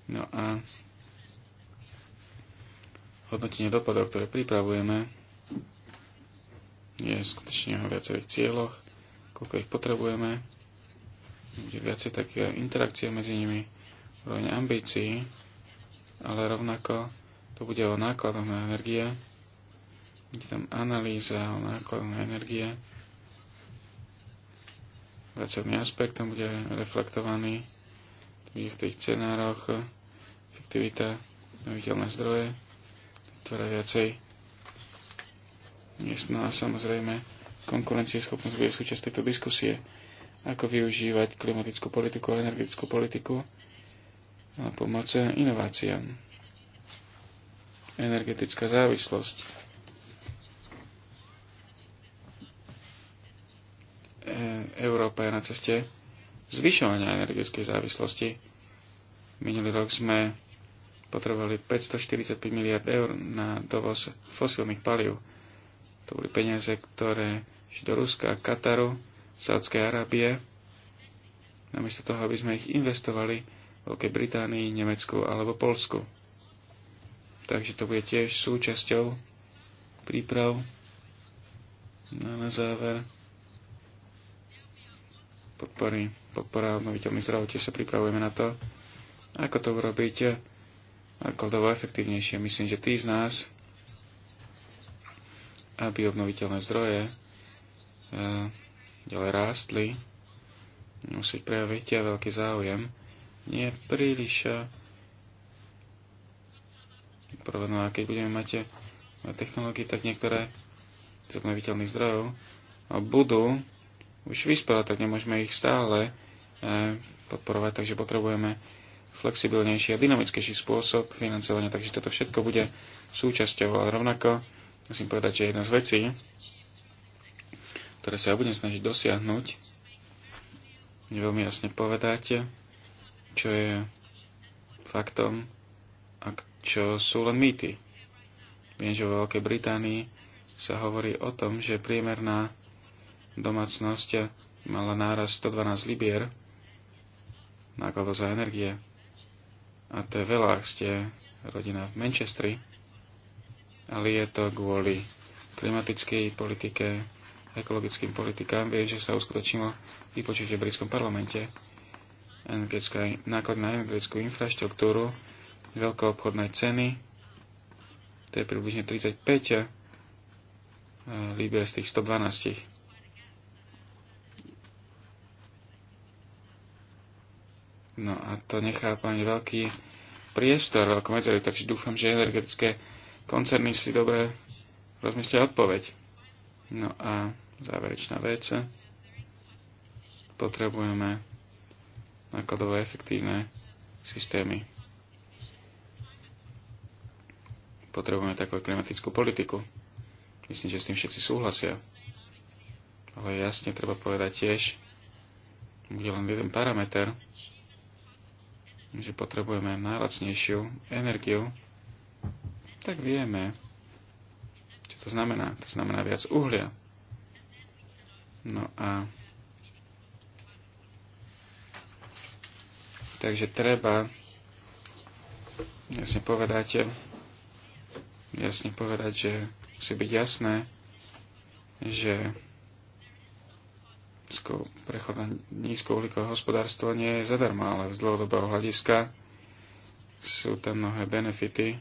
No a hodnotenie dopadov, ktoré pripravujeme, je skutočne o viacerých cieľoch, koľko ich potrebujeme, bude viacej také interakcie medzi nimi, úroveň ambícií, ale rovnako to bude o nákladoch na energie. Bude tam analýza o nákladoch na energie. Pracovný aspekt tam bude reflektovaný bude v tých cenároch, efektivita, noviteľné zdroje, ktoré viacej miestno a samozrejme konkurencieschopnosť bude súčasť tejto diskusie, ako využívať klimatickú politiku a energetickú politiku a pomoc inováciám. Energetická závislosť. E, Európa je na ceste zvyšovania energetickej závislosti. Minulý rok sme potrebovali 545 miliard eur na dovoz fosílnych palív. To boli peniaze, ktoré šli do Ruska, Kataru, Sádskej Arábie, namiesto toho, aby sme ich investovali Veľkej Británii, Nemecku alebo Polsku. Takže to bude tiež súčasťou príprav. No a na záver podpory, podpora obnoviteľných zdrojov, tiež sa pripravujeme na to, ako to urobiť nákladovo efektívnejšie. Myslím, že tí z nás, aby obnoviteľné zdroje e, ďalej rástli, musí prejaviť veľký záujem nie príliš eh, provedno. A keď budeme mať eh, technológie, tak niektoré z obnoviteľných zdrojov eh, budú už vyspelé, tak nemôžeme ich stále podporovať, takže potrebujeme flexibilnejší a dynamickejší spôsob financovania, takže toto všetko bude súčasťou, ale rovnako musím povedať, že jedna z vecí, ktoré sa ja budem snažiť dosiahnuť, je veľmi jasne povedať, čo je faktom a čo sú len mýty. Viem, že vo Veľkej Británii sa hovorí o tom, že priemerná domácnosť mala náraz 112 libier nákladov za energie. A to je veľa, ak ste rodina v Manchestri, ale je to kvôli klimatickej politike, ekologickým politikám. Viem, že sa uskutočnilo vypočutie v britskom parlamente náklad na energetickú infraštruktúru, veľkoobchodné ceny, to je približne 35 eh, líbier z tých 112. No a to pani veľký priestor, veľkú medzeru, takže dúfam, že energetické koncerny si dobre rozmyslia odpoveď. No a záverečná vec. Potrebujeme nákladové efektívne systémy. Potrebujeme takú klimatickú politiku. Myslím, že s tým všetci súhlasia. Ale jasne treba povedať tiež, bude len jeden parameter, že potrebujeme najlacnejšiu energiu, tak vieme, čo to znamená. To znamená viac uhlia. No a Takže treba jasne povedať, jasne povedať, že musí byť jasné, že prechod na nízkouhlíkové hospodárstvo nie je zadarmo, ale z dlhodobého hľadiska sú tam mnohé benefity.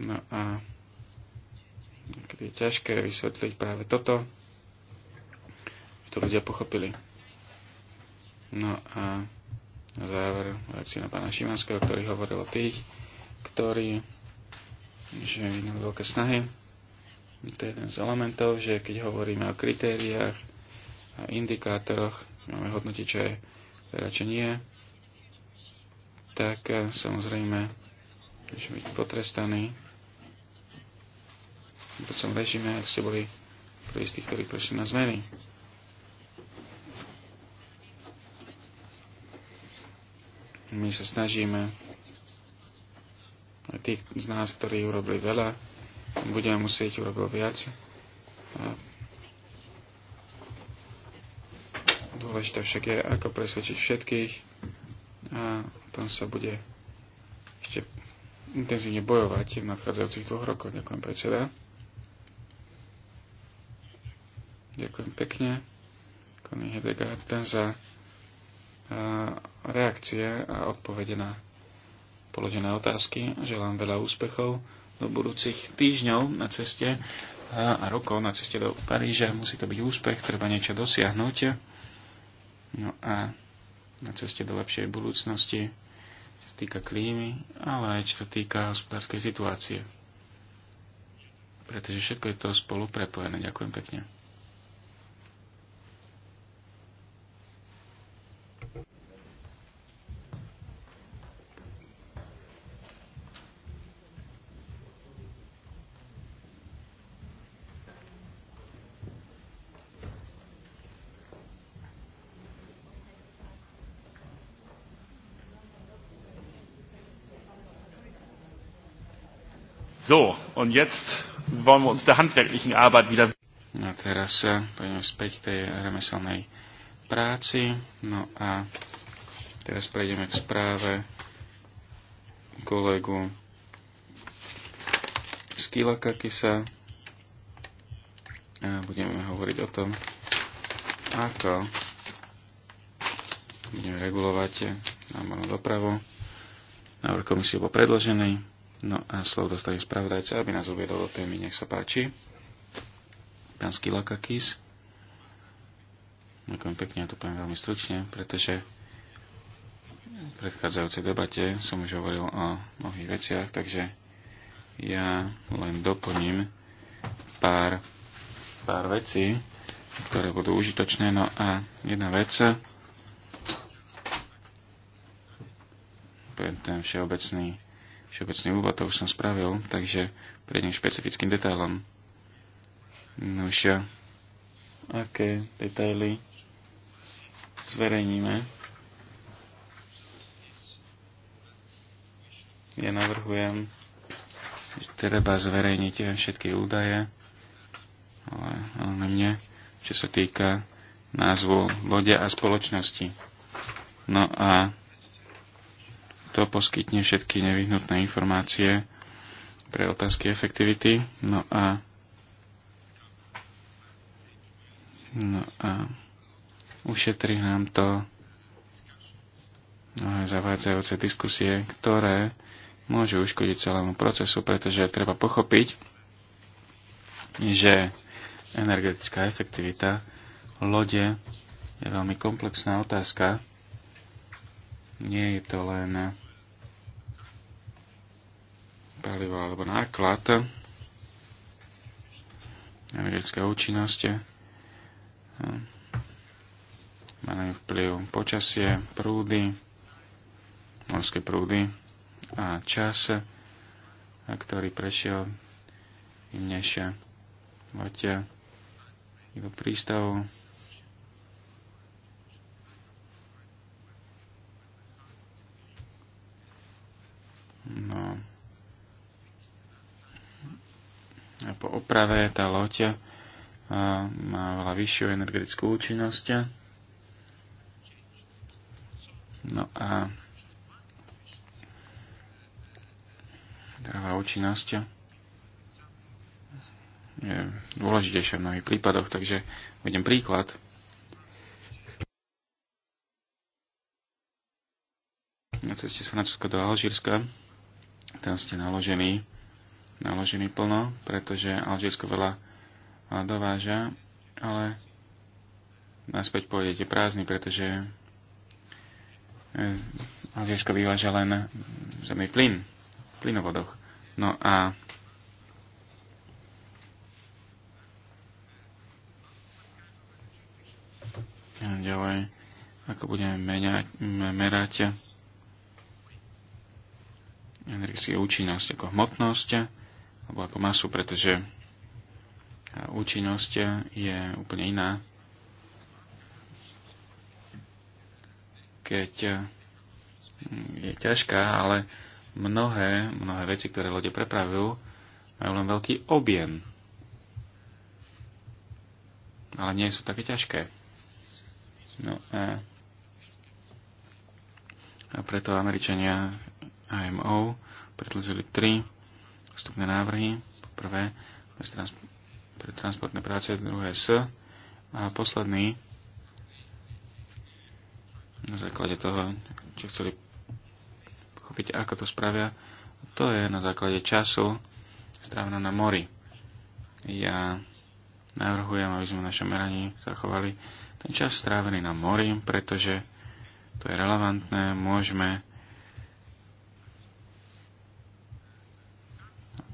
No a keď je ťažké vysvetliť práve toto, aby to ľudia pochopili. No a na záver reakcia na pána Šimanského, ktorý hovoril o tých, ktorí že vynú veľké snahy. To je jeden z elementov, že keď hovoríme o kritériách a indikátoroch, máme hodnotiť, čo je teda čo nie, tak eh, samozrejme že byť potrestaný v tom režime, ak ste boli prvý z tých, ktorí prišli na zmeny. My sa snažíme, aj tých z nás, ktorí urobili veľa, budeme musieť urobiť viac. Dôležité však je, ako presvedčiť všetkých a tam sa bude ešte intenzívne bojovať v nadchádzajúcich dvoch rokoch. Ďakujem predseda. Ďakujem pekne. Connie Hedegaard za reakcie a odpovede na položené otázky. Želám veľa úspechov do budúcich týždňov na ceste a rokov na ceste do Paríža. Musí to byť úspech, treba niečo dosiahnuť. No a na ceste do lepšej budúcnosti, čo sa týka klímy, ale aj čo sa týka hospodárskej situácie. Pretože všetko je to spolu prepojené. Ďakujem pekne. So, und jetzt wollen wir uns der handwerklichen Arbeit wieder... No teraz eh, poďme späť k tej remeselnej práci. No a teraz prejdeme k správe kolegu Skila Kakisa. A budeme hovoriť o tom, ako budeme regulovať eh, námornú dopravu. Návrh komisie bol predložený. No a slovo dostane spravodajca, aby nás uviedol o témy. Nech sa páči. Pán Skilakakis. Ďakujem pekne, ja to poviem veľmi stručne, pretože v predchádzajúcej debate som už hovoril o mnohých veciach, takže ja len doplním pár, pár vecí, ktoré budú užitočné. No a jedna vec, ten všeobecný všeobecný úvod, to už som spravil, takže prejdem špecifickým detailom. No už aké detaily zverejníme. Ja navrhujem, že treba zverejniť všetky údaje, ale, ale na mne, čo sa týka názvu lode a spoločnosti. No a to poskytne všetky nevyhnutné informácie pre otázky efektivity. No a, no a ušetri nám to mnohé zavádzajúce diskusie, ktoré môžu uškodiť celému procesu, pretože treba pochopiť, že energetická efektivita lode je veľmi komplexná otázka. Nie je to len palivo alebo náklad, energetické účinnosť, eh, má na vplyv počasie, prúdy, morské prúdy a čas, eh, ktorý prešiel im než letia do prístavu po oprave tá loď má veľa vyššiu energetickú účinnosť. No a drahá účinnosť je dôležitejšia v mnohých prípadoch, takže uvedem príklad. Na ceste z Francúzska do Alžírska tam ste naložení naložený plno, pretože Alžírsko veľa eh, dováža, ale naspäť pôjdete prázdny, pretože eh, Alžírsko vyváža len zemný plyn v plynovodoch. No a ďalej, ako budeme meniať, merať energetickú účinnosť ako hmotnosť, alebo ako masu, pretože účinnosť je úplne iná. Keď mm, je ťažká, ale mnohé, mnohé veci, ktoré lode prepravujú, majú len veľký objem. Ale nie sú také ťažké. No a, a preto Američania AMO predložili 3 postupné návrhy. Po prvé pre transportné práce, druhé S a posledný na základe toho, čo chceli pochopiť, ako to spravia, to je na základe času strávna na mori. Ja navrhujem, aby sme v našom meraní zachovali ten čas strávený na mori, pretože to je relevantné, môžeme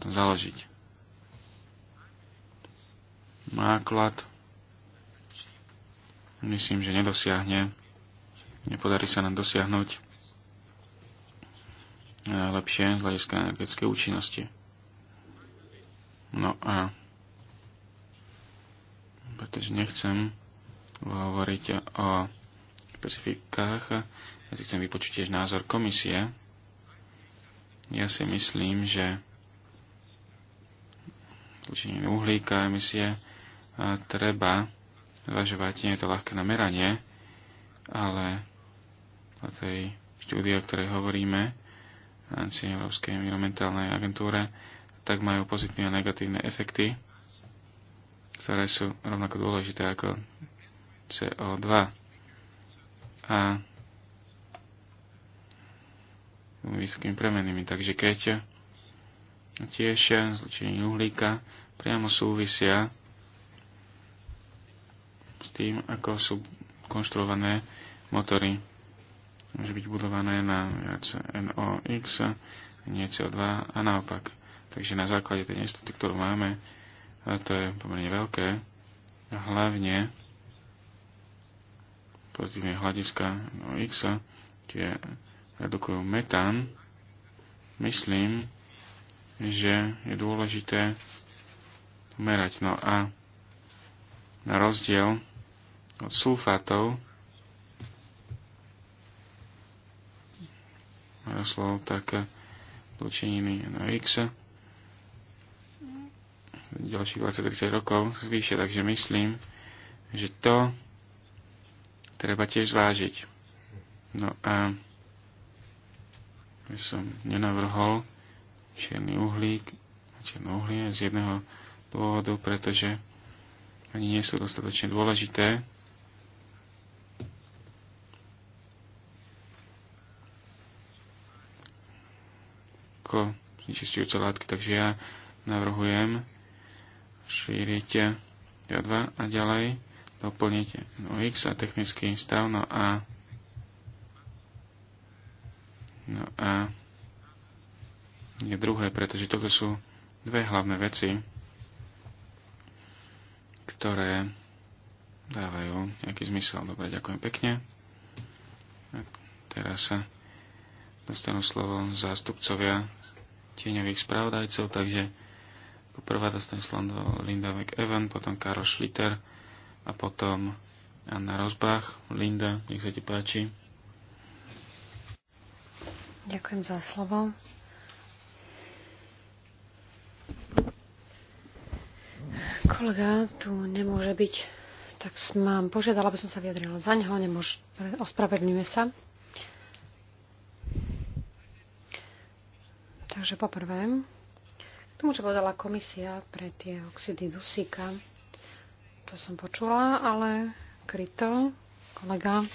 to založiť. Náklad myslím, že nedosiahne, nepodarí sa nám dosiahnuť e, lepšie z hľadiska energetickej účinnosti. No a pretože nechcem hovoriť o špecifikách, ja si chcem vypočuť tiež názor komisie. Ja si myslím, že zlučeniny uhlíka, emisie, a treba zvažovať, nie je to ľahké na meranie, ale na tej štúdii, o ktorej hovoríme, v Európskej environmentálnej agentúre, tak majú pozitívne a negatívne efekty, ktoré sú rovnako dôležité ako CO2. A vysokými premenými. Takže keď tiež eh, zlučenie uhlíka priamo súvisia s tým, ako sú konštruované motory. Môže byť budované na viac NOx, nie CO2 a naopak. Takže na základe tej nestoty, ktorú máme, a to je pomerne veľké, hlavne pozitívne hľadiska NOx, kde redukujú metán, myslím, že je dôležité merať. No a na rozdiel od sulfátov, rastlo tak zlúčeniny na X ďalších 20-30 rokov zvýšia, takže myslím, že to treba tiež zvážiť. No a ja som nenavrhol čierny uhlík a čierne uhlie z jedného dôvodu, pretože ani nie sú dostatočne dôležité. ako znečistujúce látky, takže ja navrhujem šíriť CO2 a ďalej doplniť X a technický stav, no a no a je druhé, pretože toto sú dve hlavné veci, ktoré dávajú nejaký zmysel. Dobre, ďakujem pekne. A teraz sa dostanú slovo zástupcovia tieňových spravodajcov, takže poprvá prvá dostane slovo Linda Evan, potom Karol Schlitter a potom Anna Rozbach. Linda, nech sa ti páči. Ďakujem za slovo. Kolega tu nemôže byť, tak mám požiadala, aby som sa vyjadrila za neho, nemôže, ospravedlňuje sa. Takže poprvé, k tomu, čo povedala komisia pre tie oxidy dusíka, to som počula, ale kryto kolega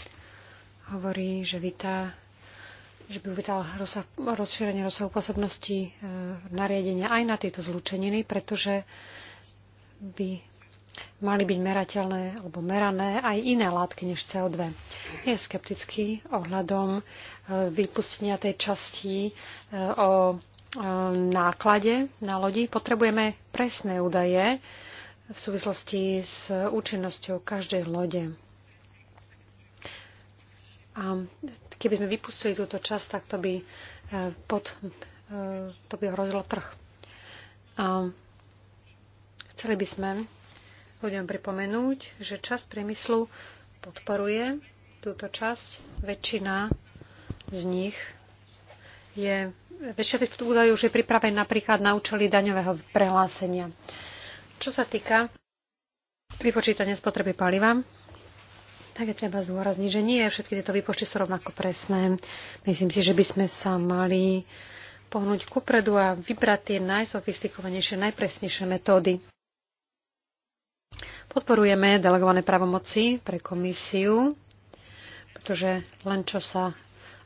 hovorí, že vítá že by uvítal rozsah, rozšírenie rozsahu pôsobnosti e, nariadenia aj na tieto zlúčeniny, pretože by mali byť merateľné alebo merané aj iné látky než CO2. Je skeptický ohľadom e, vypustenia tej časti e, o e, náklade na lodi. Potrebujeme presné údaje v súvislosti s účinnosťou každej lode. A keby sme vypustili túto časť, tak to by, pod, to by hrozilo trh. A Chceli by sme ľuďom pripomenúť, že časť priemyslu podporuje túto časť. Väčšina z nich je, väčšina týchto údajov už je pripravená napríklad na účely daňového prehlásenia. Čo sa týka vypočítania spotreby paliva, tak je treba zdôrazniť, že nie všetky tieto výpočty sú rovnako presné. Myslím si, že by sme sa mali pohnúť kupredu a vybrať tie najsofistikovanejšie, najpresnejšie metódy. Podporujeme delegované pravomoci pre komisiu, pretože len čo sa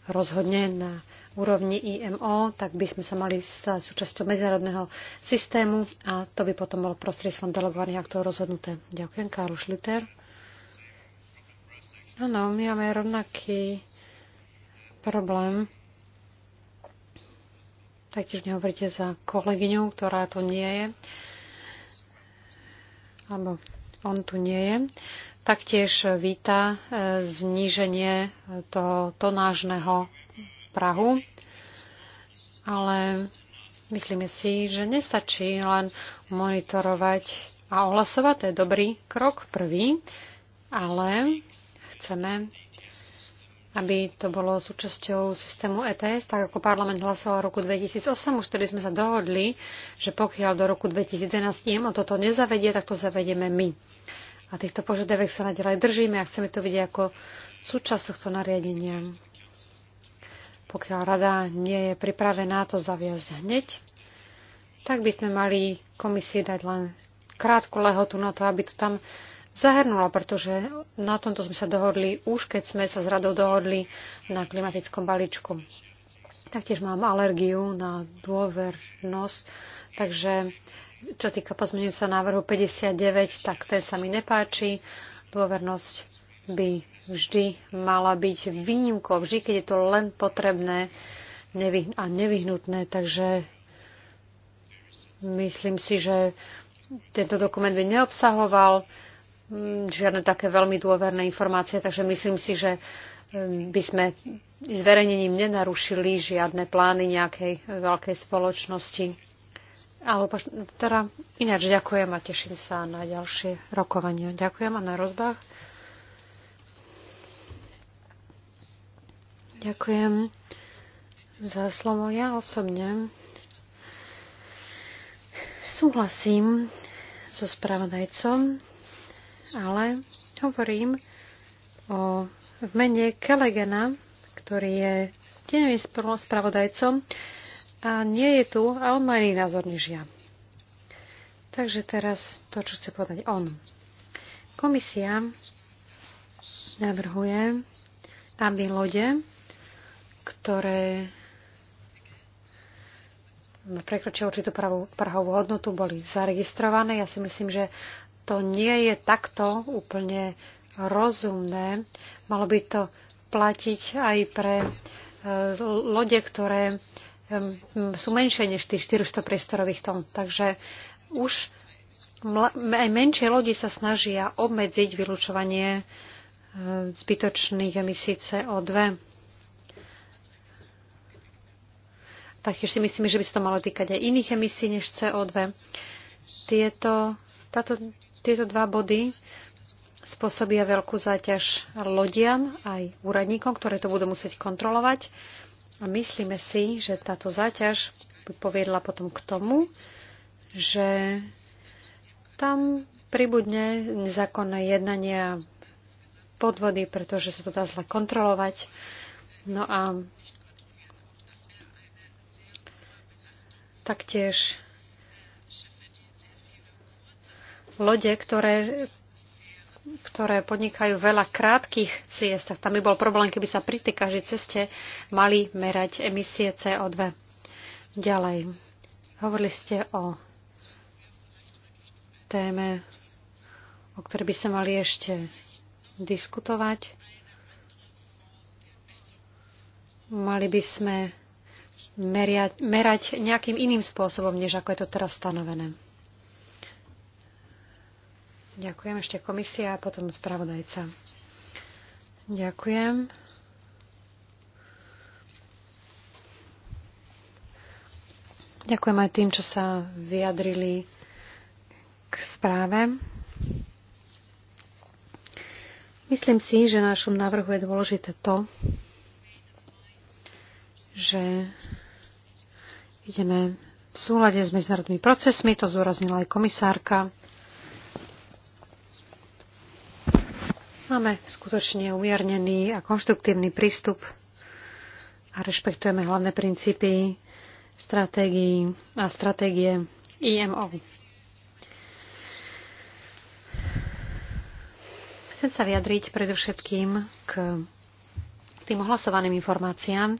rozhodne na úrovni IMO, tak by sme sa mali stať súčasťou medzinárodného systému a to by potom bolo prostredstvom delegovaných aktov rozhodnuté. Ďakujem, Karl Schlitter. Áno, my máme rovnaký problém. Taktiež nehovoríte za kolegyňu, ktorá to nie je. Alebo on tu nie je, taktiež víta e, zníženie toho tonážneho Prahu, ale myslíme si, že nestačí len monitorovať a ohlasovať, to je dobrý krok prvý, ale chceme, aby to bolo súčasťou systému ETS, tak ako parlament hlasoval v roku 2008, už tedy sme sa dohodli, že pokiaľ do roku 2011 IMO toto nezavedie, tak to zavedieme my a týchto požiadavek sa naďalej držíme a chceme to vidieť ako súčasť tohto nariadenia. Pokiaľ rada nie je pripravená to zaviazť hneď, tak by sme mali komisii dať len krátku lehotu na to, aby to tam zahrnula, pretože na tomto sme sa dohodli už, keď sme sa s radou dohodli na klimatickom balíčku. Taktiež mám alergiu na dôvernosť, takže čo týka pozmeňujúceho návrhu 59, tak ten sa mi nepáči. Dôvernosť by vždy mala byť výnimkou, vždy, keď je to len potrebné a nevyhnutné. Takže myslím si, že tento dokument by neobsahoval mm, žiadne také veľmi dôverné informácie, takže myslím si, že mm, by sme zverejnením nenarušili žiadne plány nejakej veľkej spoločnosti. Alebo teda ináč ďakujem a teším sa na ďalšie rokovanie. Ďakujem a na rozbách. Ďakujem za slovo. Ja osobne súhlasím so spravodajcom, ale hovorím o v mene Kelegena, ktorý je stenovým spravodajcom a nie je tu a on má iný názor než ja. Takže teraz to, čo chce povedať on. Komisia navrhuje, aby lode, ktoré prekročia určitú prahovú hodnotu, boli zaregistrované. Ja si myslím, že to nie je takto úplne rozumné. Malo by to platiť aj pre e, lode, ktoré sú menšie než tých 400 priestorových tón. Takže už aj menšie lodi sa snažia obmedziť vylučovanie e, zbytočných emisí CO2. Taktiež si myslíme, že by sa to malo týkať aj iných emisí než CO2. Tieto, táto, tieto dva body spôsobia veľkú záťaž lodiam aj úradníkom, ktoré to budú musieť kontrolovať. A myslíme si, že táto záťaž by poviedla potom k tomu, že tam pribudne nezákonné jednania podvody, pretože sa to dá zle kontrolovať. No a taktiež lode, ktoré ktoré podnikajú veľa krátkých ciest, tak tam by bol problém, keby sa pri tej každej ceste mali merať emisie CO2. Ďalej. Hovorili ste o téme, o ktorej by sa mali ešte diskutovať. Mali by sme meriať, merať nejakým iným spôsobom, než ako je to teraz stanovené. Ďakujem ešte komisia a potom spravodajca. Ďakujem. Ďakujem aj tým, čo sa vyjadrili k správe. Myslím si, že našom návrhu je dôležité to, že ideme v súlade s medzinárodnými procesmi, to zúraznila aj komisárka. máme skutočne umiernený a konštruktívny prístup a rešpektujeme hlavné princípy stratégií a stratégie IMO. Chcem sa vyjadriť predovšetkým k tým ohlasovaným informáciám.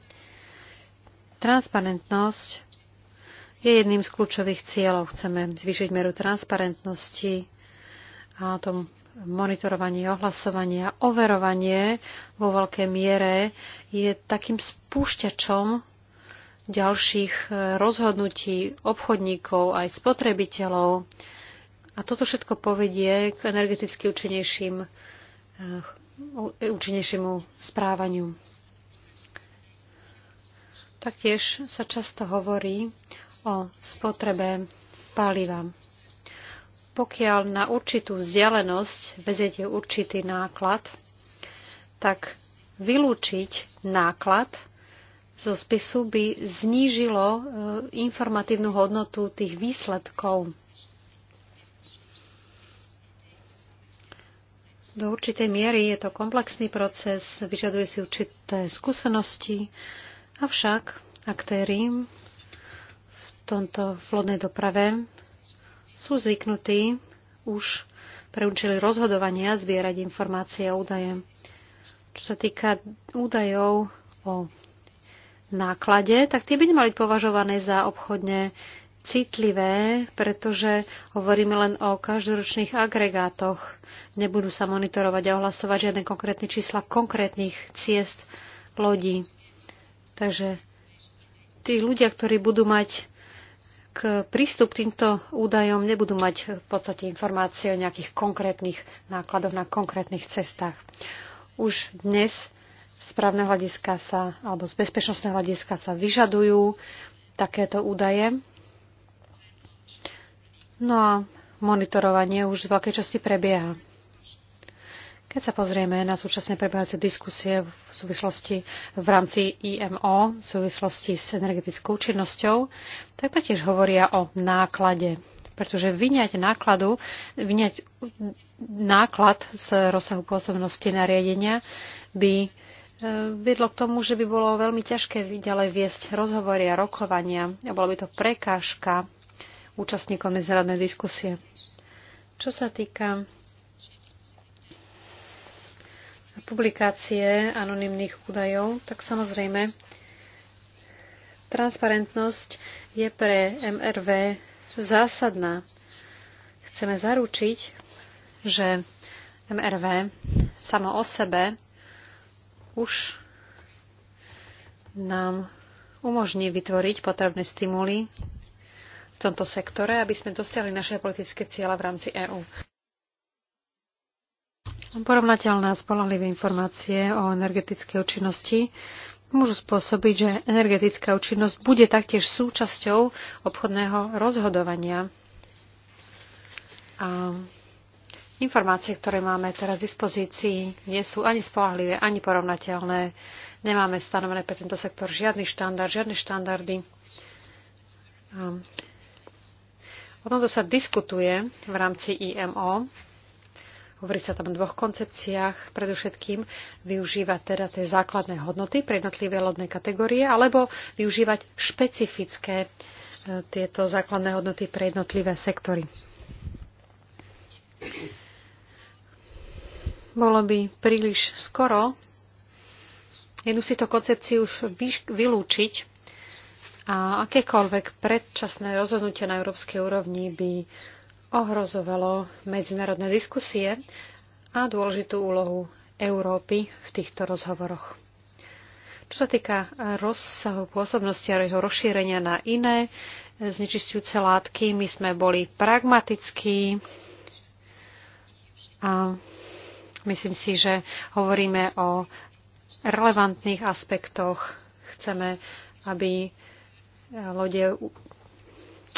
Transparentnosť je jedným z kľúčových cieľov. Chceme zvýšiť meru transparentnosti a tom monitorovanie, ohlasovanie a overovanie vo veľkej miere je takým spúšťačom ďalších e, rozhodnutí obchodníkov aj spotrebiteľov. A toto všetko povedie k energeticky účinnejším, e, e, účinnejšiemu správaniu. Taktiež sa často hovorí o spotrebe paliva pokiaľ na určitú vzdialenosť vezete určitý náklad, tak vylúčiť náklad zo spisu by znížilo e, informatívnu hodnotu tých výsledkov. Do určitej miery je to komplexný proces, vyžaduje si určité skúsenosti, avšak aktéry v tomto vlodnej doprave sú zvyknutí už preučili rozhodovania zbierať informácie a údaje. Čo sa týka údajov o náklade, tak tie by nemali považované za obchodne citlivé, pretože hovoríme len o každoročných agregátoch. Nebudú sa monitorovať a ohlasovať žiadne konkrétne čísla konkrétnych ciest lodí. Takže tí ľudia, ktorí budú mať k prístup k týmto údajom nebudú mať v podstate informácie o nejakých konkrétnych nákladoch na konkrétnych cestách. Už dnes z právneho hľadiska sa, alebo z bezpečnostného hľadiska sa vyžadujú takéto údaje. No a monitorovanie už z veľkej časti prebieha. Keď sa pozrieme na súčasne prebiehajúce diskusie v súvislosti v rámci IMO, v súvislosti s energetickou činnosťou, tak taktiež hovoria o náklade. Pretože vyňať nákladu, vyňať náklad z rozsahu pôsobnosti nariadenia by e, viedlo k tomu, že by bolo veľmi ťažké ďalej viesť rozhovory a rokovania a bolo by to prekážka účastníkom medzinárodnej diskusie. Čo sa týka publikácie anonymných údajov, tak samozrejme transparentnosť je pre MRV zásadná. Chceme zaručiť, že MRV samo o sebe už nám umožní vytvoriť potrebné stimuly v tomto sektore, aby sme dosiahli naše politické cieľa v rámci EÚ. Porovnateľné a spolahlivé informácie o energetickej účinnosti môžu spôsobiť, že energetická účinnosť bude taktiež súčasťou obchodného rozhodovania. A informácie, ktoré máme teraz v dispozícii, nie sú ani spolahlivé, ani porovnateľné. Nemáme stanovené pre tento sektor žiadny štandard, žiadne štandardy. A o tomto sa diskutuje v rámci IMO Hovorí sa tam o dvoch koncepciách. Predovšetkým využívať teda tie základné hodnoty pre jednotlivé lodné kategórie alebo využívať špecifické e, tieto základné hodnoty pre jednotlivé sektory. Bolo by príliš skoro jednu si to koncepciu už vylúčiť a akékoľvek predčasné rozhodnutia na európskej úrovni by ohrozovalo medzinárodné diskusie a dôležitú úlohu Európy v týchto rozhovoroch. Čo sa týka rozsahu pôsobnosti a jeho rozšírenia na iné znečistujúce látky, my sme boli pragmatickí a myslím si, že hovoríme o relevantných aspektoch. Chceme, aby lode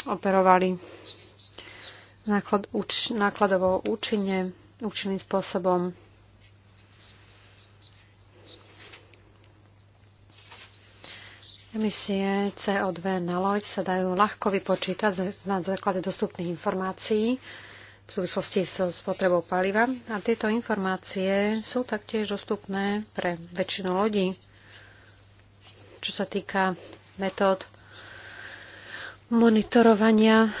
operovali náklad, úč, nákladovo účinne, účinným spôsobom. Emisie CO2 na loď sa dajú ľahko vypočítať na základe dostupných informácií v súvislosti so spotrebou paliva a tieto informácie sú taktiež dostupné pre väčšinu lodí. Čo sa týka metód monitorovania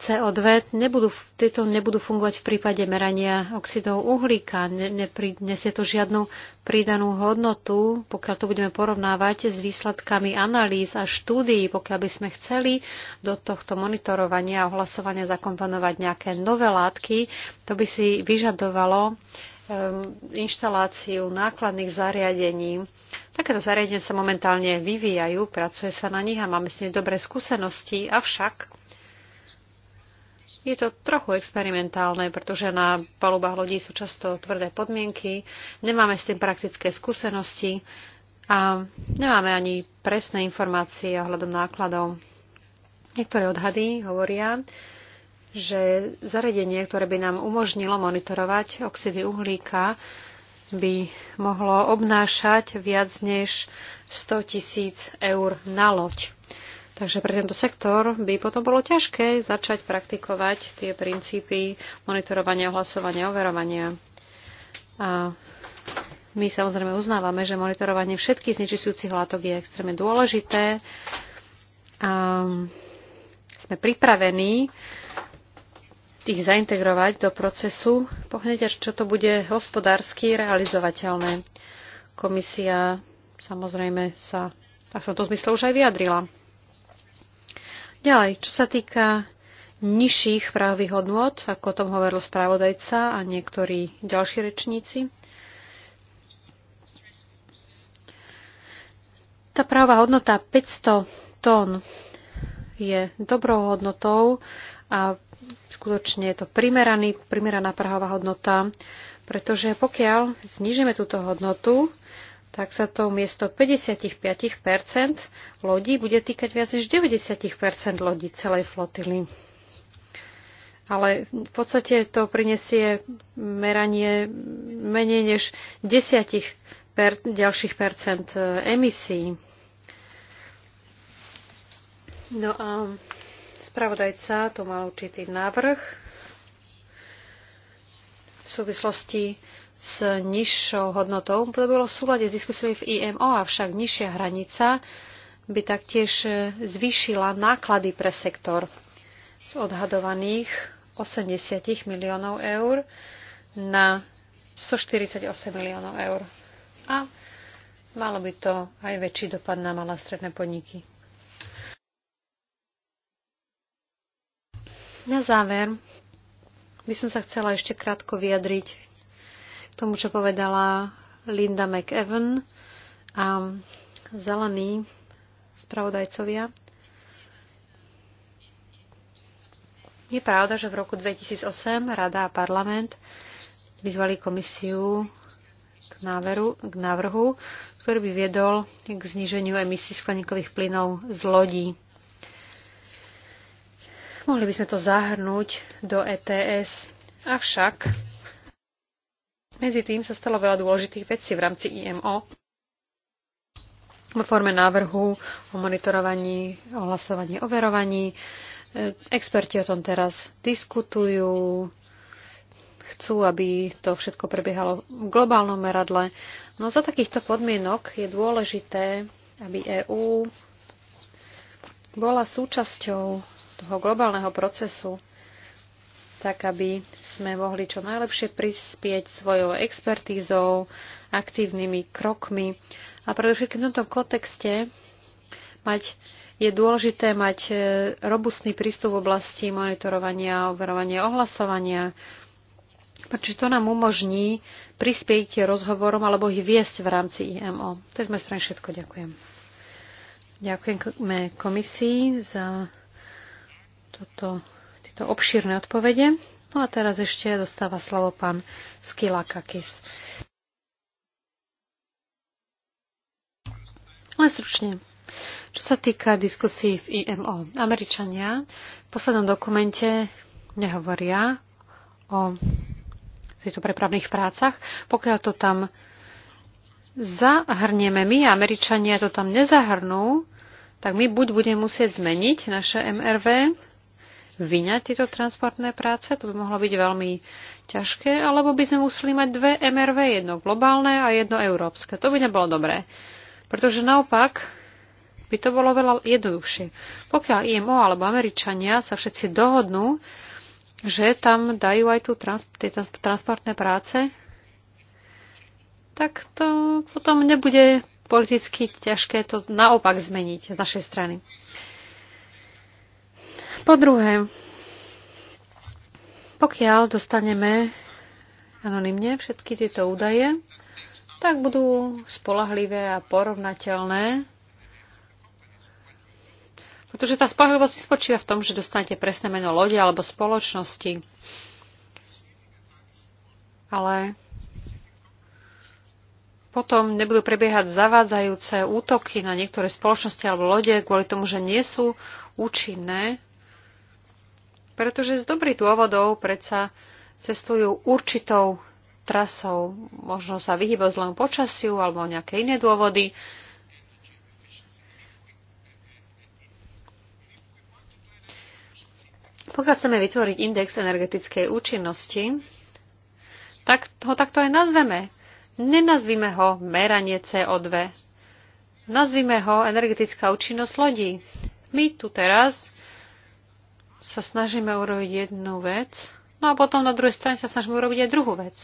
CO2 nebudú, tieto nebudú fungovať v prípade merania oxidov uhlíka. je to žiadnu pridanú hodnotu, pokiaľ to budeme porovnávať s výsledkami analýz a štúdií, pokiaľ by sme chceli do tohto monitorovania a ohlasovania zakomponovať nejaké nové látky, to by si vyžadovalo ehm, inštaláciu nákladných zariadení. Takéto zariadenia sa momentálne vyvíjajú, pracuje sa na nich a máme s nimi dobré skúsenosti, avšak je to trochu experimentálne, pretože na palubách lodí sú často tvrdé podmienky, nemáme s tým praktické skúsenosti a nemáme ani presné informácie ohľadom nákladov. Niektoré odhady hovoria, že zariadenie, ktoré by nám umožnilo monitorovať oxidy uhlíka, by mohlo obnášať viac než 100 tisíc eur na loď. Takže pre tento sektor by potom bolo ťažké začať praktikovať tie princípy monitorovania, ohlasovania, overovania. A my samozrejme uznávame, že monitorovanie všetkých znečistujúcich látok je extrémne dôležité. A sme pripravení ich zaintegrovať do procesu, pohneď až čo to bude hospodársky realizovateľné. Komisia samozrejme sa v tomto zmysle už aj vyjadrila. Ďalej, čo sa týka nižších právnych hodnot, ako o tom hovoril správodajca a niektorí ďalší rečníci, tá práva hodnota 500 tón je dobrou hodnotou a skutočne je to primeraný, primeraná práva hodnota, pretože pokiaľ znižíme túto hodnotu, tak sa to miesto 55 lodí bude týkať viac než 90 lodí celej flotily. Ale v podstate to prinesie meranie menej než 10 per, ďalších percent e, emisí. No a spravodajca tu mal určitý návrh v súvislosti s nižšou hodnotou. To bolo v súlade s diskusiou v IMO, avšak nižšia hranica by taktiež zvýšila náklady pre sektor z odhadovaných 80 miliónov eur na 148 miliónov eur. A malo by to aj väčší dopad na malé stredné podniky. Na záver by som sa chcela ešte krátko vyjadriť tomu, čo povedala Linda McEwan a zelení spravodajcovia. Je pravda, že v roku 2008 Rada a parlament vyzvali komisiu k, náveru, k návrhu, ktorý by viedol k zniženiu emisí skleníkových plynov z lodí. Mohli by sme to zahrnúť do ETS, avšak medzi tým sa stalo veľa dôležitých vecí v rámci IMO vo forme návrhu o monitorovaní, o hlasovaní, o verovaní. Experti o tom teraz diskutujú, chcú, aby to všetko prebiehalo v globálnom meradle. No za takýchto podmienok je dôležité, aby EÚ bola súčasťou toho globálneho procesu tak aby sme mohli čo najlepšie prispieť svojou expertízou, aktívnymi krokmi. A predovšetkým v tomto kontexte mať, je dôležité mať e, robustný prístup v oblasti monitorovania, overovania, ohlasovania, pretože to nám umožní prispieť rozhovorom alebo ich viesť v rámci IMO. To je z mojej strany všetko. Ďakujem. Ďakujeme komisii za toto tieto obšírne odpovede. No a teraz ešte dostáva slovo pán Skilakakis. Len stručne. Čo sa týka diskusí v IMO, Američania v poslednom dokumente nehovoria o týchto prepravných prácach. Pokiaľ to tam zahrnieme my, Američania to tam nezahrnú, tak my buď budeme musieť zmeniť naše MRV, vyňať tieto transportné práce, to by mohlo byť veľmi ťažké, alebo by sme museli mať dve MRV, jedno globálne a jedno európske. To by nebolo dobré, pretože naopak by to bolo veľa jednoduchšie. Pokiaľ IMO alebo Američania sa všetci dohodnú, že tam dajú aj tu trans- tie transportné práce, tak to potom nebude politicky ťažké to naopak zmeniť z našej strany. Po druhé, pokiaľ dostaneme anonymne všetky tieto údaje, tak budú spolahlivé a porovnateľné. Pretože tá spolahlivosť spočíva v tom, že dostanete presné meno lode alebo spoločnosti. Ale potom nebudú prebiehať zavádzajúce útoky na niektoré spoločnosti alebo lode kvôli tomu, že nie sú účinné pretože z dobrých dôvodov predsa cestujú určitou trasou. Možno sa vyhýbajú zlému počasiu alebo nejaké iné dôvody. Pokiaľ chceme vytvoriť index energetickej účinnosti, tak ho takto aj nazveme. Nenazvime ho meranie CO2. Nazvime ho energetická účinnosť lodí. My tu teraz sa snažíme urobiť jednu vec, no a potom na druhej strane sa snažíme urobiť aj druhú vec.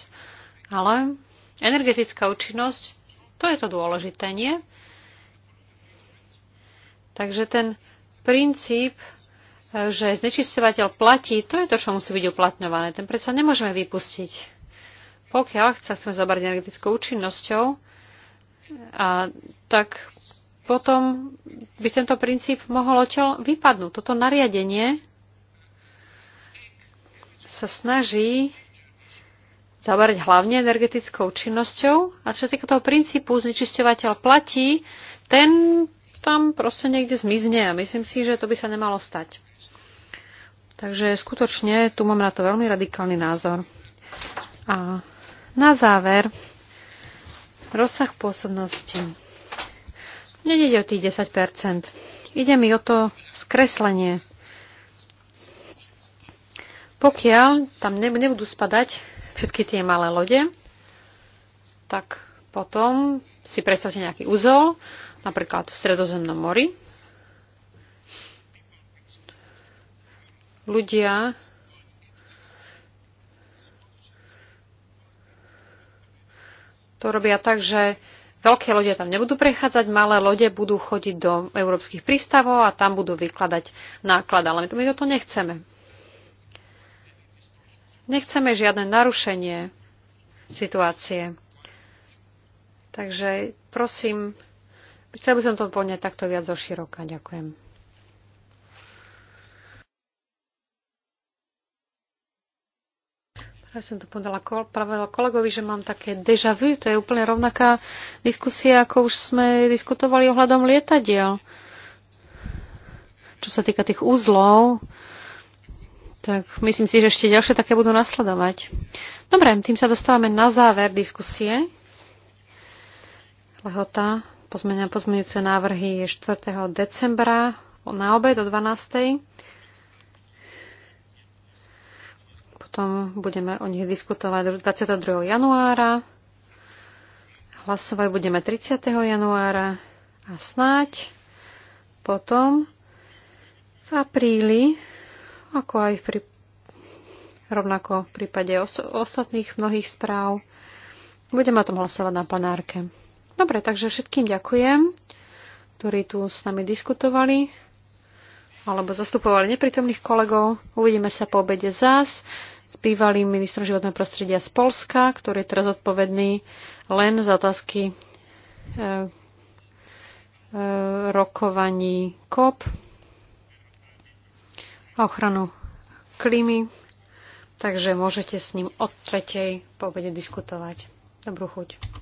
Ale energetická účinnosť, to je to dôležité, nie? Takže ten princíp, že znečisťovateľ platí, to je to, čo musí byť uplatňované. Ten predsa nemôžeme vypustiť. Pokiaľ sa chceme zabrať energetickou účinnosťou, a tak potom by tento princíp mohol odtiaľ vypadnúť. Toto nariadenie sa snaží zaberať hlavne energetickou činnosťou. A čo týka toho princípu, znečisťovateľ platí, ten tam proste niekde zmizne a myslím si, že to by sa nemalo stať. Takže skutočne tu mám na to veľmi radikálny názor. A na záver, rozsah pôsobnosti. Nede o tých 10%. Ide mi o to skreslenie pokiaľ tam nebudú spadať všetky tie malé lode, tak potom si predstavte nejaký úzol, napríklad v Stredozemnom mori. Ľudia to robia tak, že veľké lode tam nebudú prechádzať, malé lode budú chodiť do európskych prístavov a tam budú vykladať náklad, ale my to nechceme. Nechceme žiadne narušenie situácie. Takže prosím, chcel by som to poňať takto viac zo široka. Ďakujem. Ja som to povedala kolegovi, že mám také deja vu, to je úplne rovnaká diskusia, ako už sme diskutovali ohľadom lietadiel. Čo sa týka tých úzlov, tak myslím si, že ešte ďalšie také budú nasledovať. Dobre, tým sa dostávame na záver diskusie. Lehota pozmenia pozmeňujúce návrhy je 4. decembra na obed o 12. Potom budeme o nich diskutovať 22. januára. Hlasovať budeme 30. januára a snáď potom v apríli ako aj pri, rovnako v prípade os- ostatných mnohých správ. Budeme o tom hlasovať na plenárke. Dobre, takže všetkým ďakujem, ktorí tu s nami diskutovali alebo zastupovali neprítomných kolegov. Uvidíme sa po obede zás s bývalým ministrom životného prostredia z Polska, ktorý je teraz odpovedný len za otázky e, e, rokovaní COP ochranu klímy, takže môžete s ním od tretej po obede diskutovať. Dobrú chuť.